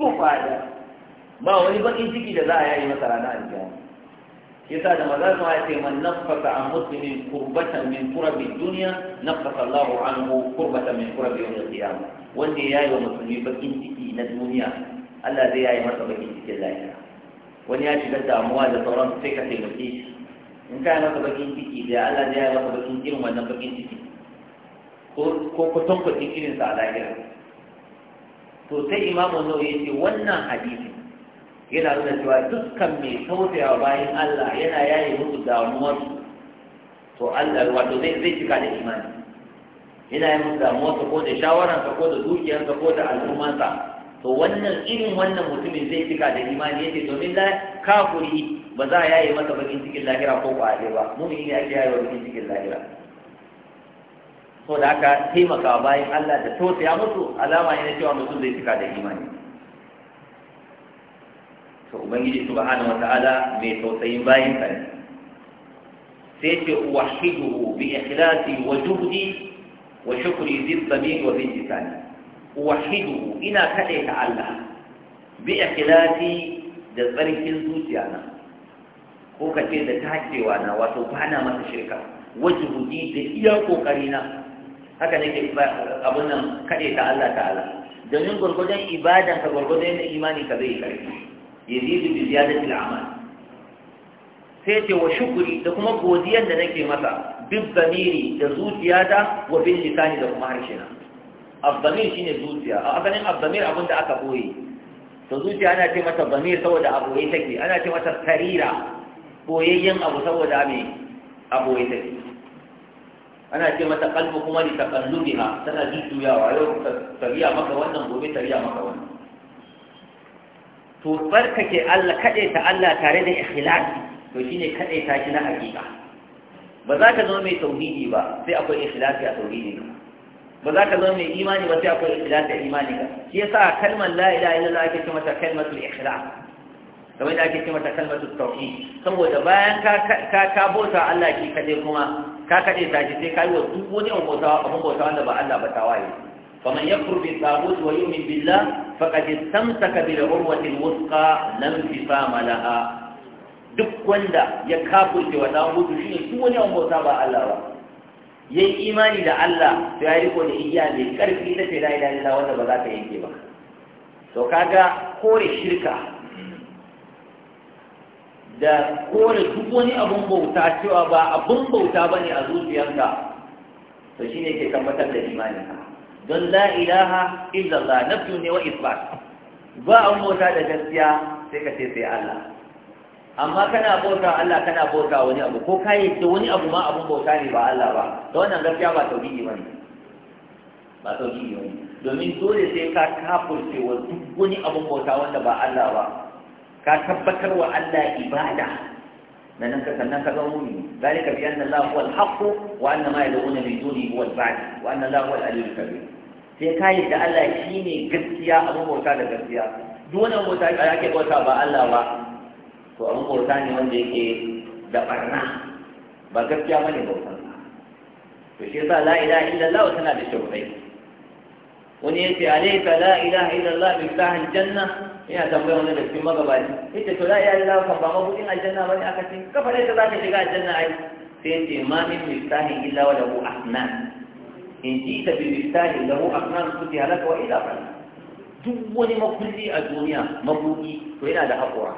ko fada ba wani bakin ciki da za a yayi masa ranar alkiyama yasa da maza su ya ce man nafasa an muslimin kurbatan min kurabin duniya nafasa Allah anhu kurbatan min kurabin yawm al-qiyamah wanda ya yi wa musulmi bakin ciki na duniya Allah zai yayi masa bakin cikin lafiya wani ya shiga damuwa da sauran sai ka taimake shi in ka yi masa bakin ciki da Allah zai yayi masa bakin irin wannan bakin ciki ko kutankwacin irinsa a lahira to sai imamu nau ya ce wannan hadisi yana nuna cewa dukkan mai tausaya bayan Allah yana yayi musu damuwarsu to Allah wato zai zai cika da imani yana yayi musu damuwarsa ko da shawararsa ko da dukiyarsa ko da al'ummarsa to wannan irin wannan mutumin zai cika da imani yake domin da kafuri ba za a yaye masa bakin cikin lahira ko kwaje ba mumin ne ake wa bakin cikin lahira Ko da aka taimaka bayan Allah da tausaya musu alama ne na cewa mutum zai cika da imani to ubangiji subhanahu wata'ala bai tausayin bayin ka ne sai ce uwahiduhu bi ikhlasi wa juhdi wa shukri bi sabili wa bi lisani uwahiduhu ina kade ta Allah bi ikhlasi da tsarkin zuciya na ko ka ce da takewa na wato bana masa shirka wajuhudi da iya kokari na haka nake abun nan kade ta Allah ta'ala domin gurgurdan ibadan ka gurgurdan imanin ka zai karfi yazidu bi ziyadati sai ce wa shukuri da kuma godiyar da nake masa duk zamiri da zuciya da wa bin lisani da kuma harshe na abdamir shine zuciya a asalin abdamir abin da aka boye to zuciya ana ce mata zamir saboda a boye take ana ce mata tarira boyayyen abu saboda me ana ce mata kuma ni tana yau maka wannan gobe maka wannan to tsarkake Allah ta Allah tare da ikhlasi to shine ta shi na hakika ba za ka zama mai tauhidi ba sai akwai ikhlasi a tauhidi ka ba za ka zama mai imani ba sai akwai ikhlasi a imanin ka shi yasa kalmar la ilaha illallah ake ce mata kalmatul ikhlas kamar da ake ce mata kalmatul tauhid saboda bayan ka ka bauta Allah ki kaje kuma ka kaje ta shi sai kai wa duk wani abun bauta wanda ba Allah ba tawaye فمن يكفر بالطاغوت ويؤمن بالله فقد استمسك بالعروة الوثقى لا انفصام لها duk wanda ya kafurce wa tagutu ne duk wani an bauta ba Allah ba yi imani da Allah to ya riko da iya mai karfi ta ce la ilaha wanda ba za ta yanke ba to kaga kore shirka da kore duk wani abun bauta cewa ba abun bauta bane a zuciyarka to shine ke tabbatar da imaninka don la ilaha illallah nafyu ne wa isbat ba an bauta da gaskiya sai ka ce sai Allah amma kana bauta Allah kana bauta wani abu ko ka yi da wani abu ma abun bauta ne ba Allah ba to wannan gaskiya ba tauhidi bane ba tauhidi bane domin dole sai ka kafurce wa duk wani abun bauta wanda ba Allah ba ka tabbatar wa Allah ibada da nan ka sannan ka zama mumini zalika bi anna Allah huwa al-haqq wa anna ma yad'una min dunihi huwa al-batil wa anna Allah huwa al-aliyyul kabir sai ka yi da Allah shi ne gaskiya abin bauta da gaskiya duk wani bauta da ake bauta ba Allah ba to abu bauta ne wanda yake da barna ba gaskiya ne bauta to shi yasa la ilaha illallah tana da shaukai wani ya ce alayka la ilaha illallah miftahul janna ina tambayar wani da cikin magabaci yace to la ilaha illallah kan ba mabudin aljanna bane aka ce kafa ne ta zaka shiga aljanna ai sai ce ma min miftahin illa wa lahu ahnan in ji ta bisani da mu aknan su ta halaka wa ila kan duk wani makulli a duniya makulli to yana da haƙora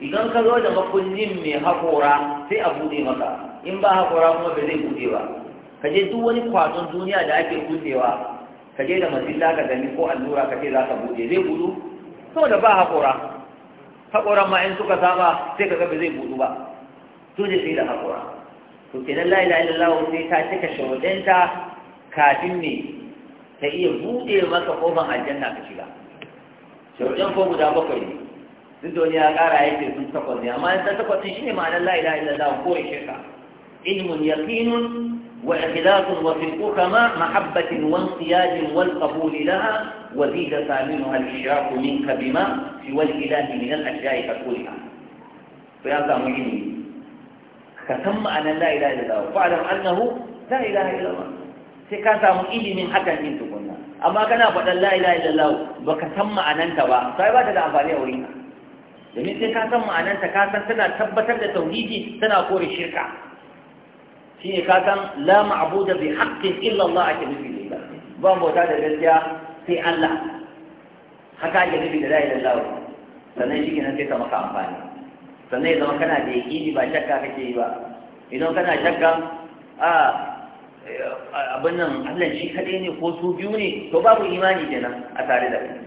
idan ka zo da makullin mai haƙora sai a buɗe maka in ba haƙora kuma bai zai buɗe ba ka je duk wani kwanon duniya da ake buɗewa ka je da masilla ka gani ko allura ka ce za ka buɗe zai buɗu saboda ba haƙora haƙoran ma in suka saba sai ka ga bai zai buɗu ba to je sai da haƙora to kenan la ilaha illallah sai ta cika shawadanta kafin ne ta iya buɗe maka kofan aljanna ka shiga shauƙin ko guda bakwai ne duk da ya ƙara ya ce sun takwas ne amma yanzu takwas shi ne ma'anar la ilaha illallah ko ya shirka ilmun yaqinun wa ikhlasun wa sidqu kama mahabbatin wa insiyajin wal qabul laha wa zida saminuha al-ishraq minka bima fi wal ilahi min al-ashya'i taquliha to ya samu ilimi ka san ma'anar la ilaha illallah fa'lam annahu la ilaha illallah sai ka samu ilimin hakan yin tukunna amma kana faɗan la ilaha ba baka san ma'ananta ba sai ba ta da amfani a wurin domin sai ka san ma'ananta ka san tana tabbatar da tauhidi tana kore shirka shi ne ka san la ma'buda bi haqqin illa ake nufi da ba bauta da gaskiya sai Allah haka ake nufi da la'ila ilaha illallah sannan shi kenan sai ka maka amfani sannan ya zama kana da yaƙini ba shakka kake yi ba idan kana shakka a abin nan Allah shi kadai ne ko su biyu ne to babu imani kenan a tare da kai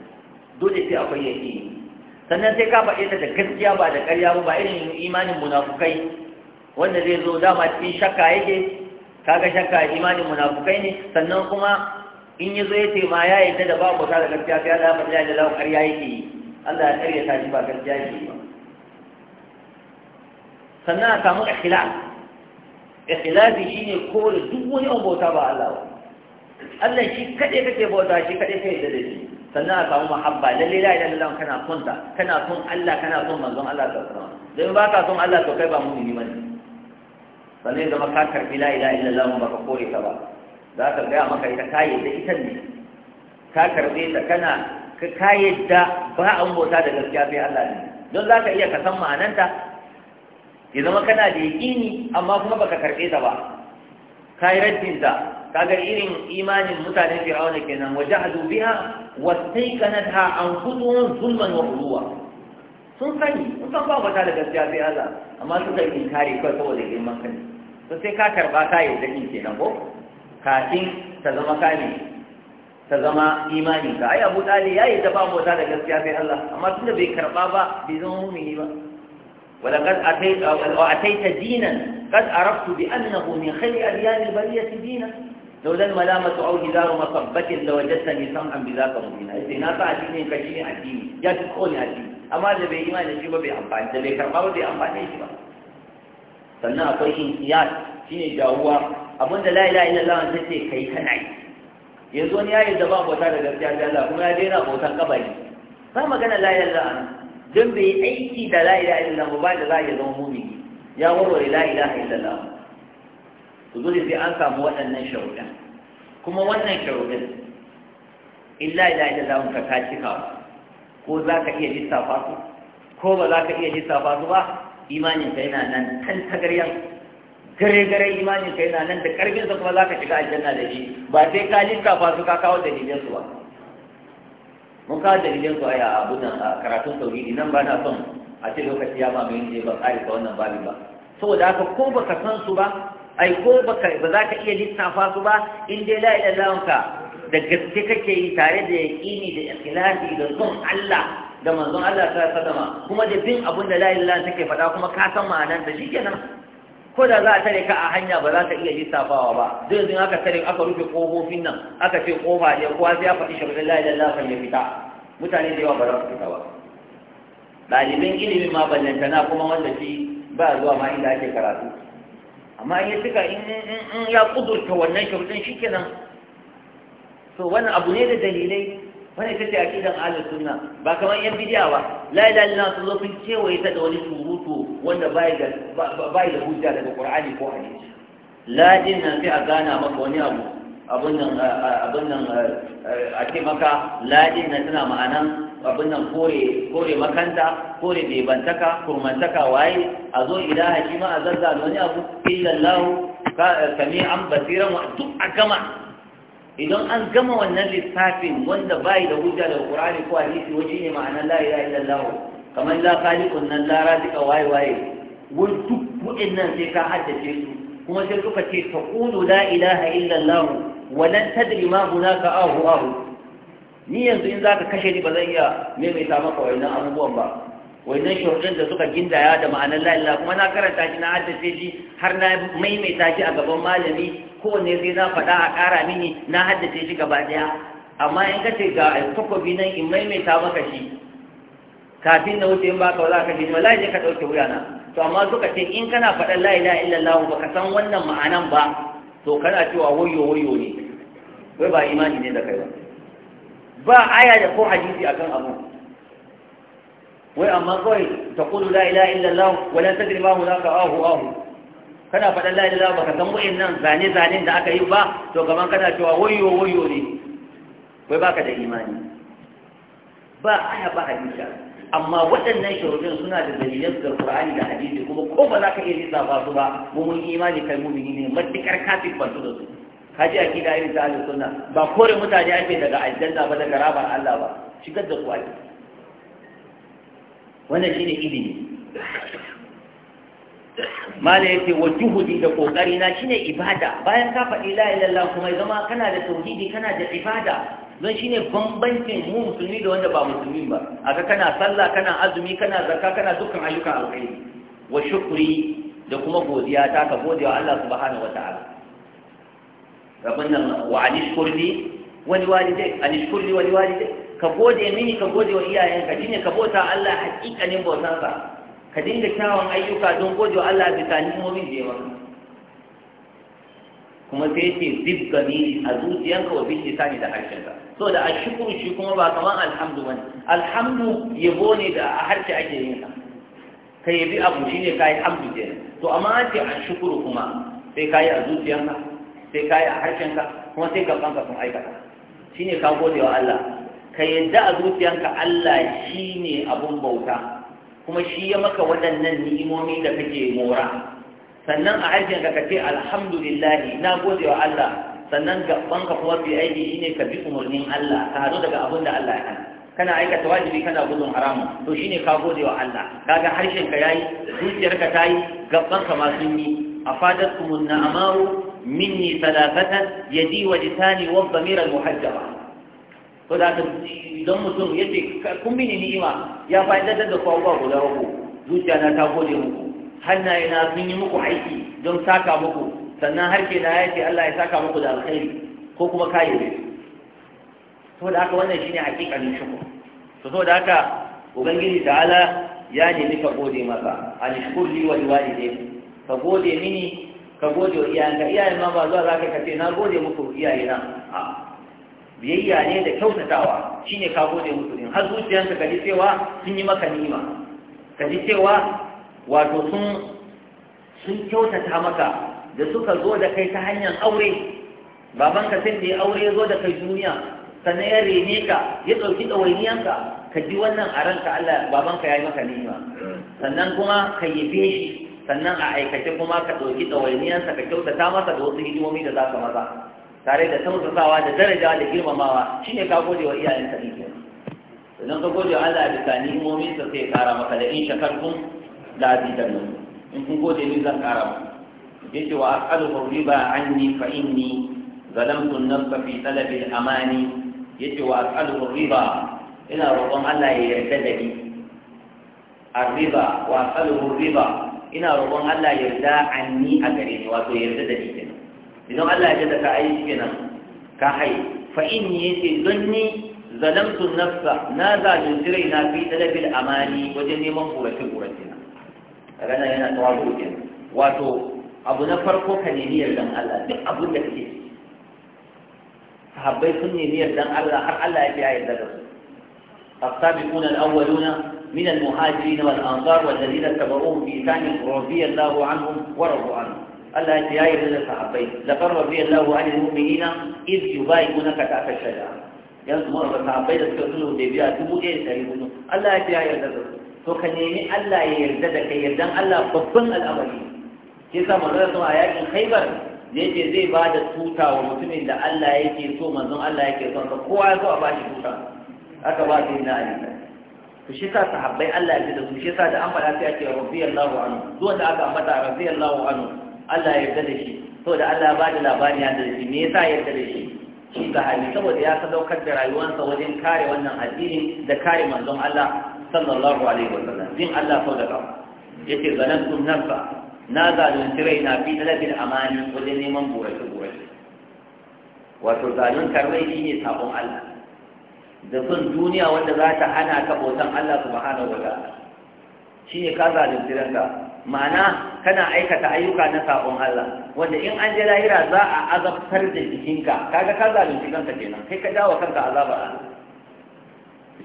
dole sai akwai yake sannan sai ka faɗe da gaskiya ba da ƙarya ba ba irin imanin munafukai wanda zai zo dama cikin shakka yake kaga shakka imanin munafukai ne sannan kuma in yazo ya ce ma ya yadda da ba ku da gaskiya sai Allah ya faɗi da lawan ƙarya yake yi Allah ya ƙarya ta shi ba gaskiya yake yi ba sannan a samu ikhlas ikhlasi shine kore duk wani abota ba Allah ba Allah shi kade kake bauta shi kade kai da dadi sannan a samu mahabba lalle la ilaha illallah kana son ta kana son Allah kana son manzon Allah sallallahu alaihi wasallam dan baka son Allah to kai ba mu'mini bane sannan zama ka karbi la ilaha illallah ba ka kore ta ba za ka ga maka ita kai da ita ne ka karbe ta kana ka kayyada da ba an bauta da gaskiya sai Allah ne don za ka iya ka san ma'ananta ya zama kana da yaƙini amma kuma baka karɓe ta ba ka yi raddin ta ga irin imanin mutanen fir'auna kenan wa jahadu biha wa taykanatha anfusuhum zulman wa uluwa sun sani sun san ba ta da gaskiya sai Allah amma sun ka yi kare kai saboda girman kai to sai ka karɓa ka yi dakin kenan ko kafin ta zama kame ta zama imanin ka ai Abu Talib yayi da ba bauta da gaskiya sai Allah amma tunda bai karba ba bai zama mumini ba ولقد أتيت, أتيت دينا قد عرفت بأنه من خير أديان البرية دينا لولا الملامة أو جدار مصبة لوجدتني سمعا بذاك مبينا إذن أطع ديني كشيني عن ديني يا تدخلني عن ديني أما إذا بإيمان يجيب بأنفعي إذا بكرمه بأنفعي يجيب sannan akwai insiyar shine jawuwa abinda la ilaha illallah wanda ce kai kana yi yanzu wani yayi da ba bauta da gaskiya da Allah kuma ya daina bautan kabari ba magana la ilaha illallah don bai aiki da la ilaha illallah ba da za ya zama mumini ya warware la ilaha illallah su zuri sai an samu waɗannan sharuɗan kuma wannan in illa ilaha illallah ka ta cika ko za ka iya lissafa su ko ba za ka iya lissafa su ba imanin ka yana nan kan tagaryan gare gare imanin ka yana nan da karfin sa kuma za ka shiga aljanna da shi ba sai ka lissafa su ka kawo dalilan su ba mun ka dalilan su aya a abunan a karatun tauhidi nan ba na son a ce lokaci ya mamaye ne ba tsari ka wannan babi ba saboda haka ko baka san su ba ai ko baka ba za ka iya lissafa su ba in dai la ilaha illallah da gaske kake yi tare da yaqini da ikhlasi da son Allah da manzon Allah ta zama, kuma da bin abin da la ilaha take faɗa kuma ka san ma'anar da shikenan ko da za a tare ka a hanya ba za ta iya lissafawa ba don yanzu aka tare aka rufe kofofin nan aka ce kofa ne kowa sai ya faɗi shafi da lafa ya fita mutane da yawa ba za su fita ba ɗaliban ilimin ma lantana kuma wanda shi ba zuwa ma inda ake karatu amma in ya cika in ya kudurta wannan sharuɗin shi kenan to wannan abu ne da dalilai wani ita ce a ahlus sunna ba kamar yan bidiya ba da ilaha illallah sun zo sun kewaye ta da wani surutu wanda bai da bai da hujja daga qur'ani ko hadisi la din nan sai a gana maka wani abu Abin nan abun a ce maka la din nan tana ma'anan abin nan kore makanta kore bebantaka kurmantaka waye a zo ilaha shi ma a zazza wani abu illallahu kami an basiran wa duk a gama idan an gama wannan lissafin wanda bai da hujja daga qur'ani ko hadisi waje ne ma'anar la ilaha illallah kamar za ka khaliqun nan lara raziqa waye waye wani duk nan sai ka haddace su kuma sai suka ce taqulu la ilaha illa allah wa lan tadri ma hunaka ahu ahu ni yanzu in zaka kashe ni ba zan iya maimaita maka wa'annan abubuwan ba wannan shirkin da suka gindaya da ma'anar la'ila kuma na karanta shi na haddace shi har na maimaita shi a gaban malami kowanne sai na faɗa a ƙara mini na haddace shi gaba ɗaya amma in ka ce ga takobi nan in maimaita maka shi kafin na wuce in baka ba za ka jima wallahi je ka dauke na to amma suka ce in kana faɗan la ilaha illallah baka san wannan ma'anan ba to kana cewa wayo wayo ne wai ba imani ne da kai ba ba aya da ko hadisi akan abu wai amma kawai ta kudu la ilaha illallah wala tadri ma hunaka ahu ahu kana faɗan la ilaha baka san wayannan zane zane da aka yi ba to kaman kana cewa wayo wayo ne wai baka da imani ba aya ba hadisi amma waɗannan sharuɗin suna da dalilan da Qur'ani da hadisi kuma ko ba za ka iya lissafa su ba mu mun imani kai mu ne matuƙar kafin bantu da su kaji da irin ta suna ba kore mutane ake daga aljanna ba daga rabar Allah ba shigar da ku ake wannan shine ilimi mala yake wa juhudi da kokari na shine ibada bayan ka faɗi la ilaha illallah kuma zama kana da tauhidi kana da ibada don shi ne bambancin mu musulmi da wanda ba musulmi ba aka kana sallah kana azumi kana zakka kana dukkan ayyukan alkhairi wa shukri da kuma godiya ta ka gode wa Allah subhanahu wa ta'ala rabin nan wa anishkurli wani walidai anishkurli wani walidai ka gode mini ka gode wa iyayenka shine ka bota Allah hakikanin bautansa ka dinga kyawun ayyuka don gode wa Allah bisa ni'imomin da ya kuma sai ce zib gani a zuciyanka wa bishe sani da harshenka so da ashkuru shi kuma ba kaman alhamdu bane alhamdu yabo ne da a harshe ake yin sa ka yabi abu shine kai hamdu ke to amma an ce ashkuru kuma sai kai a zuciyarka sai kai a harshenka kuma sai gabanka sun aikata Shi ne ka gode wa Allah ka yadda a zuciyarka Allah shi ne abun bauta kuma shi ya maka waɗannan ni'imomi da kake mora sannan a harshenka ka ce alhamdulillah na gode wa Allah sannan gaban ka kuma bi aiki shine ka bi umarnin Allah ka hadu daga abin da Allah ya hana kana aikata wajibi kana gudun haramu to shine ka gode wa Allah kaga harshen ka yayi zuciyar ka tayi gaban ka ma sun yi afadatkum na'amaru minni thalathatan yadi wa lisani wa dhamira muhajjaba to da ka idan mutum yace kun bi ni ni'ima ya fa'idata da ku ba guda uku zuciya na ta gode muku hannaye na sun yi muku aiki don saka muku sannan ke na ya ce Allah ya saka muku da alkhairi ko kuma kayi ne saboda haka wannan shine hakikalin shukur to saboda haka ubangiji ala ya nemi ka gode masa alishkur li wa liwalidayhi ka gode mini ka gode wa iyayenka iyayen ma ba zuwa zaka ka ce na gode muku iyayena a biyayya ne da kyautatawa shine ka gode musu din har zuciyanka ka ji cewa sun yi maka ni'ima ka ji cewa wato sun sun kyautata maka da suka zo da kai ta hanyar aure babanka sai da ya aure ya zo da kai duniya sannan ya rene ka ya ɗauki ɗawainiyanka ka ji wannan a ranka Allah babanka ya yi maka nima, sannan kuma ka yabe shi sannan a aikace kuma ka ɗauki ɗawainiyansa ka kyautata masa da wasu hidimomi da za ka maza tare da tausasawa da daraja da girmamawa shi ne ka gode wa iyayenka ne sannan ka gode wa Allah bisa ni'imominsa sai ya kara maka da in shakarkun da azidan in kun gode ni zan kara maka yace wa as'aluhu riba anni fa inni zalamtu nafsa fi talab al-amani yace wa as'aluhu riba ina roƙon Allah ya yarda da ni ar-riba wa as'aluhu riba ina roƙon Allah ya yarda anni a gare ni wato ya yarda da ni kenan idan Allah ya yarda ka ai kenan ka hai fa inni yace don ni zalamtu nafsa na zalunci raina fi talab al-amani wajen neman ƙorafi ƙorafina kaga yana tawazu kenan wato abu na farko ka nemi yardan Allah duk abin da kake sahabbai sun nemi yardan Allah har Allah ya biya yarda da su السابقون الأولون من المهاجرين والأنصار والذين اتبعوهم بإحسان رضي الله عنهم ورضوا عنه الله يا أيها الصحابين لقد رضي الله عن المؤمنين إذ يبايعونك تحت الشجرة yanzu mawar da sahabbai da suka sulhu da biya dubu ɗaya da ɗari hudu Allah ya fi ya yarda da su to ka nemi Allah ya yarda da kai yardan Allah babban al'amari yasa manzon sun a yakin Khaibar da yake zai ba da tuta wa mutumin da Allah yake so manzon Allah yake so ka kowa ya so a ba shi tuta aka ba shi na Ali to shi sa sahabbai Allah ya ji da su shi sa da an faɗa sai ake radiyallahu anhu zuwa da aka ambata radiyallahu anhu Allah ya yarda da shi to da Allah ba da labari ya da shi me yasa ya yarda da shi shi sahabi saboda ya sadaukar da rayuwarsa wajen kare wannan addinin da kare manzon Allah sallallahu alaihi wasallam din Allah sau da kawo yake zanantum nafsa na zalunci rai na fi talabil amani wajen neman burace burace wato zaluntar rai ne sabon Allah da sun duniya wanda za ta hana ka bautan Allah subhanahu wa ta'ala ne ka zalunci ranka ma'ana kana aikata ayyuka na sabon Allah wanda in an je lahira za a azabtar da jikinka kaga ka zalunci kanka kenan kai ka dawo kanka azabar Allah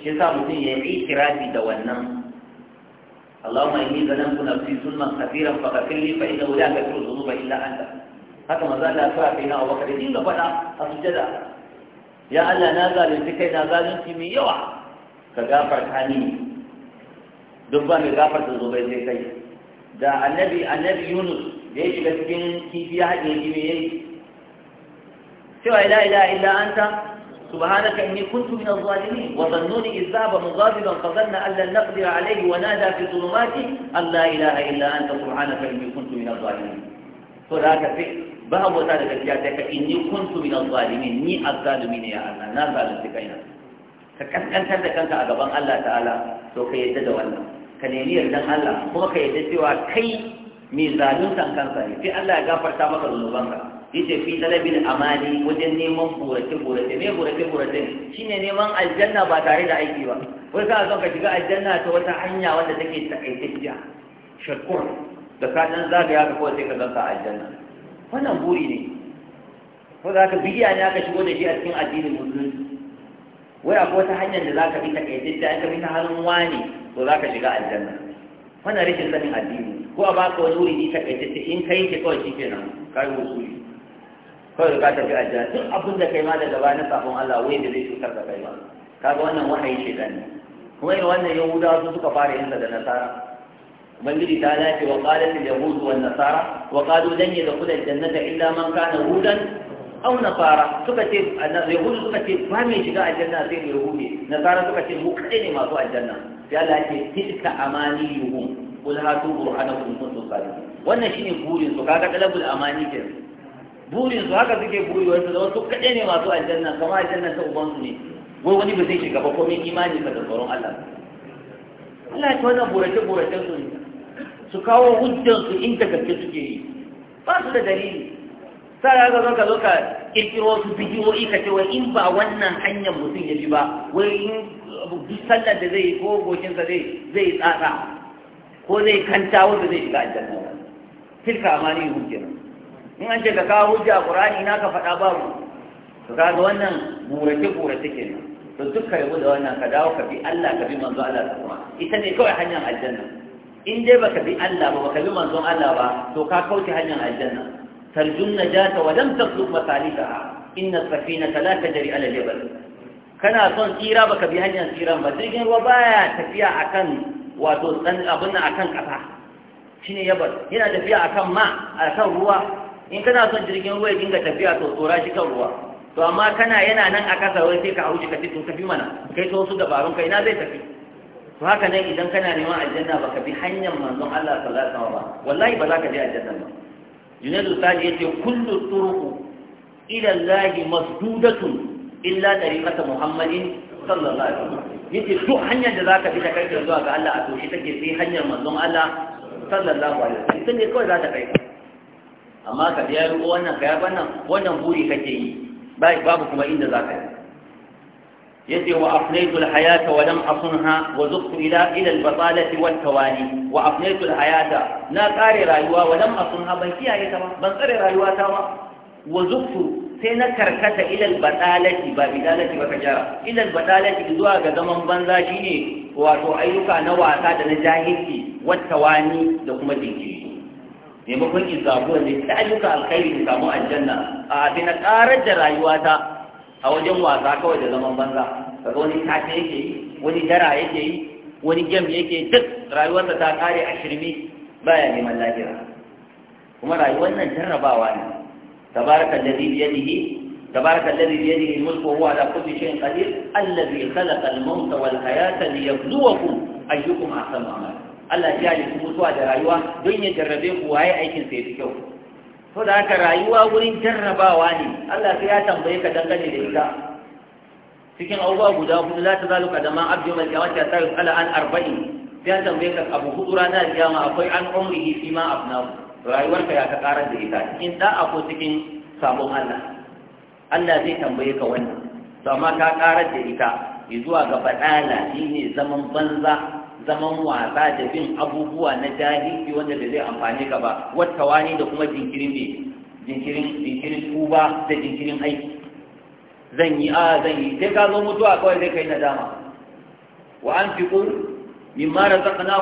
shi sa mutum ya yi ikirafi da wannan اللهم إني ظلمت نفسي ظلما كثيرا فاغفر لي فإنه لا يغفر الذنوب إلا أنت haka maza Allah ya fara kaina Abu Bakar dinga faɗa a sujada ya Allah na zalunci kai zalunci mai yawa ka gafarta ni duk ba mai gafarta zubai sai da annabi Yunus da shiga cikin kifi سبحانك إني كنت من الظالمين وظنوني إذ ذهب مغاضبا فظن أن لن نقدر عليه ونادى في ظلماته أن لا إله إلا أنت سبحانك إني كنت من الظالمين فذاك في باب وذلك جاتك إني كنت من الظالمين ني الظالمين يا الله نا ظالمتك أين فكأنت كنت أقبان الله تعالى سوف يدد والله كان يمير دم الله هو كيدد سوى كي ميزانون تنكنت في الله يغفر تامك الظلمان yace fi talabil amali wajen neman burake burake me burake burake shine neman aljanna ba tare da aiki ba wai ka zo ka shiga aljanna ta wata hanya wanda take takaitacciya shakkur da ka dan zagaya ka kawai sai ka zanta aljanna wannan buri ne ko za ka biya ne aka shigo da shi a cikin addinin musulunci wai akwai wata hanyar da za ka bi takaitacciya in ka bi ta halin wani to za ka shiga aljanna wannan rashin sanin addini ko a baka wani wuri ne takaitacce in kai ke kawai shi kenan ka yi wusuli kawai ka tafi a jihar duk abin da kai ma da gaba na sabon Allah wai da zai cutar da kai ba kaga wannan wahayi shaitan ne kuma irin wannan yahudawa su suka fara yin da nasara ubangiji ta lafi wa qalat al yahud wa nasara wa qalu lan yadkhula al jannata illa man kana hudan aw nasara suka ce yahudu suka ce ba mai shiga aljanna sai yahudi nasara suka ce mu kadai ne masu aljanna sai Allah ya ce tilka amaniyuhum qul hatu burhanakum kuntum sadiqin wannan shine burin su kaga qalbul amani kenan burin su haka suke buri wani da wasu kaɗai ne masu aljanna kama aljanna ta ubansu ne wai wani ba zai shiga ba komai imani ka da tsoron Allah Allah ya wannan burace burace su ne su kawo hujjan su inda gaske suke yi ba su da dalili sai ya zo ka zo ka kirkiro su bidiyoyi ka ce wai in ba wannan hanyar mutum ya bi ba wai in duk sallar da zai yi ko sa zai zai tsatsa ko zai kanta wanda zai shiga aljanna tilka amani hujjan in an ce ka kawo hujja a qur'ani na ka faɗa babu to kaga wannan burace burace kenan to duk ka yabo da wannan ka dawo ka bi Allah ka bi manzo Allah ta kuma ita ne kawai hanyar aljanna in dai baka bi Allah ba baka bi manzo Allah ba to ka kauce hanyar aljanna tarjun najata wa lam tasluq masaliha inna safinata la tajri ala jabal kana son tsira baka bi hanyar tsiran ba jirgin ruwa baya tafiya akan wato tsan abin akan kasa shine yabal yana tafiya akan ma akan ruwa in kana son jirgin ruwa ya dinga tafiya to tsora shi kan ruwa to amma kana yana nan a kasa wai sai ka hauji ka to tafi mana kai to wasu dabarun kai na zai tafi to haka nan idan kana neman aljanna baka bi hanyar manzon Allah sallallahu alaihi wasallam ba wallahi ba za ka je aljanna ba Junaidu Sadi yace kullu turuqu ila Allah masdudatun illa tariqata Muhammadin sallallahu alaihi wasallam yace duk hanyar da zaka bi ta kai zuwa ga Allah a to shi take sai hanyar manzon Allah sallallahu alaihi wasallam sai ne kawai za ta kai amma ka biya ruwa wannan ka yaban nan wannan buri kake yi babu kuma inda za ka yi Ya ce wa afnaytu hayata wa lam asunha wa zuqtu ila ila albatalati wat tawani wa afnaytu hayata. na kare rayuwa wa lam asunha ban kiyaye ta ba ban tsare rayuwa ta ba wa zuqtu sai na karkata ila albatalati ba bidalati ba kajara ila albatalati zuwa ga zaman banza shine wato ayyuka na wasa da na jahilci wat tawani da kuma jinkiri maimakon in samu ne ta ayyuka alkhairi in samu aljanna a abin na karar da rayuwata a wajen wasa kawai da zaman banza kaga wani tafi yake yi wani dara yake yi wani gem yake duk rayuwarsa ta kare a shirme baya neman lafiya. kuma rayuwar nan jarrabawa ne tabaraka alladhi bi yadihi tabaraka alladhi bi yadihi al-mulku wa huwa ala kulli shay'in qadir alladhi khalaqa al-mauta wal hayata liyabluwakum ayyukum ahsanu amala Allah ya yi mutuwa da rayuwa don ya jarrabe ku waye aikin sa yafi kyau to da haka rayuwa wurin jarrabawa ne Allah sai ya tambaye ka dangane da ita cikin abubuwa guda hudu za ta zaluka da ma abdu mai kawai ta tsaya ala an arba'in sai ya tambaye ka abu hudu rana da jama akwai an umrihi fi ma abnahu ka ya ka karar da ita cikin da'a ko cikin sabon Allah Allah zai tambaye ka wannan to amma ka karar da ita zuwa ga fadala shine zaman banza zaman wasa da bin abubuwa na jahilci wanda da zai amfane ka ba wata wani da kuma jinkirin ne jinkirin jinkirin tuba da jinkirin aiki zan yi a ah, zan yi sai ka zo mutuwa kawai zai kai nadama wa an fi kun mimma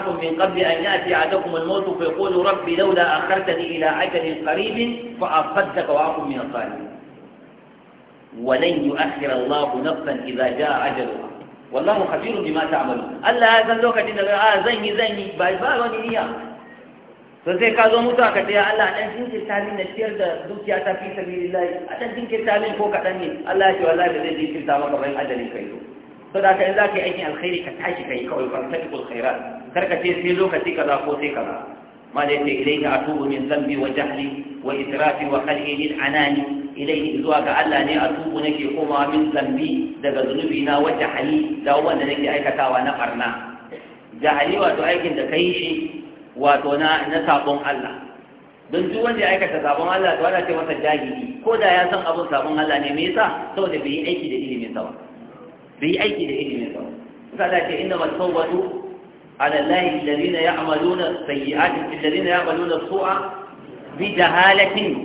kun min qabli an ya'ti ahadakum al-maut fa yaqulu rabbi laula akhartani ila ajalin qaribin fa a asaddaka wa akun min as-salihin ولن يؤخر الله نفسا إذا جاء أجلها wallahu khabirun bima ta'malu Allah ya san lokacin da a zan yi zan yi ba ba wani niyya to sai ka zo mutuwa ka ce Allah dan jinkirta min na ciyar da dukiya ta fi sabilillah a dan jinkirta min ko kadan ne Allah ya ce wallahi zai jinkirta maka bayan ajalin kai zo to da ka in zaka yi aikin alkhairi ka tashi kai kawai fa tabiqul khairat kar ka ce sai lokaci kaza ko sai kaza ما ليس إليه أتوب من ذنبي وجهلي وإسرافي وخلقي للعنان إليه إذواك ألا ني أتوب نكي قوما من ذنبي دقى ذنوبنا وجهلي دعوة نكي أيكا تاوى نقرنا جهلي واتو أيكين دكيشي واتو نسابون الله don duk wanda ya aikata sabon Allah to ana ce masa jahili ko da ya san abun sabon Allah ne me yasa saboda bai yi aiki da ilimin sa ba bai yi aiki da ilimin sa ba sai Allah ce inna على الله الذين يعملون السيئات الذين يعملون السوء بجهالة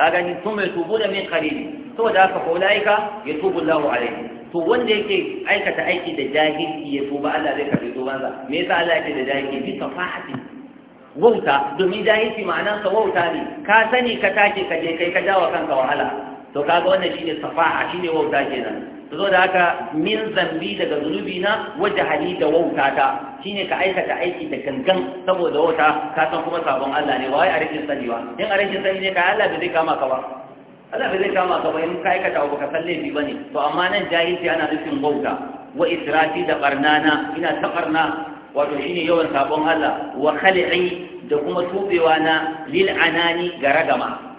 هذا ثم يتوبون من قليل ثم ذاك فأولئك يتوب الله عليهم to wanda yake aikata aiki da jahilci ya tuba Allah zai karbi tubansa me yasa Allah yake da jahilci bi tafahati wauta domin jahilci ma'anar sa wauta ne ka sani ka take ka je kai ka jawo kanka wahala to kaga wannan shine safaha shine wauta kenan zo da haka min zambi daga zunubi na waje hali da wauta ta shine ka aikata aiki da gangan saboda wauta ka san kuma sabon Allah ne wai a rikin sani ba in a rikin sani ne ka Allah bai zai kama ka ba Allah bai zai kama ka ba in ka aikata ba ka san laifi ba ne. to amma nan jahilci ana nufin wauta wa israfi da barnana ina ta barna wato shine yawan sabon Allah wa khali'i da kuma tubewa na lil anani ga ragama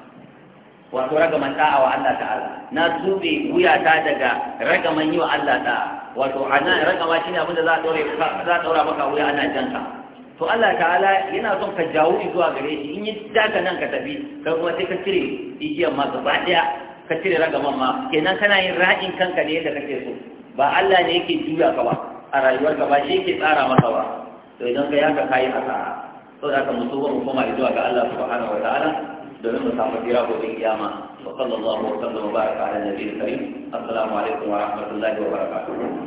wato ragaman da'a wa Allah ta'ala na tube wuyata daga ragaman yi wa Allah da'a wato ana ragama shine abin da za a daure za a daura maka wuya ana janka to Allah ta'ala yana son ka jawo zuwa gare shi in yi daka nan ka tafi kai kuma sai ka cire igiyar ma gaba daya ka cire ragaman ma kenan kana yin ra'in kanka ne yadda kake so ba Allah ne yake juya ka ba a rayuwarka ba shi yake tsara maka ba to idan ka yaka kayi asara saboda haka mutuwa mu koma zuwa ga Allah subhanahu wa ta'ala domin mu samu jira gobe kiyama wa sallallahu wa sallam wa baraka ala nabiyil karim assalamu alaikum wa rahmatullahi wa barakatuh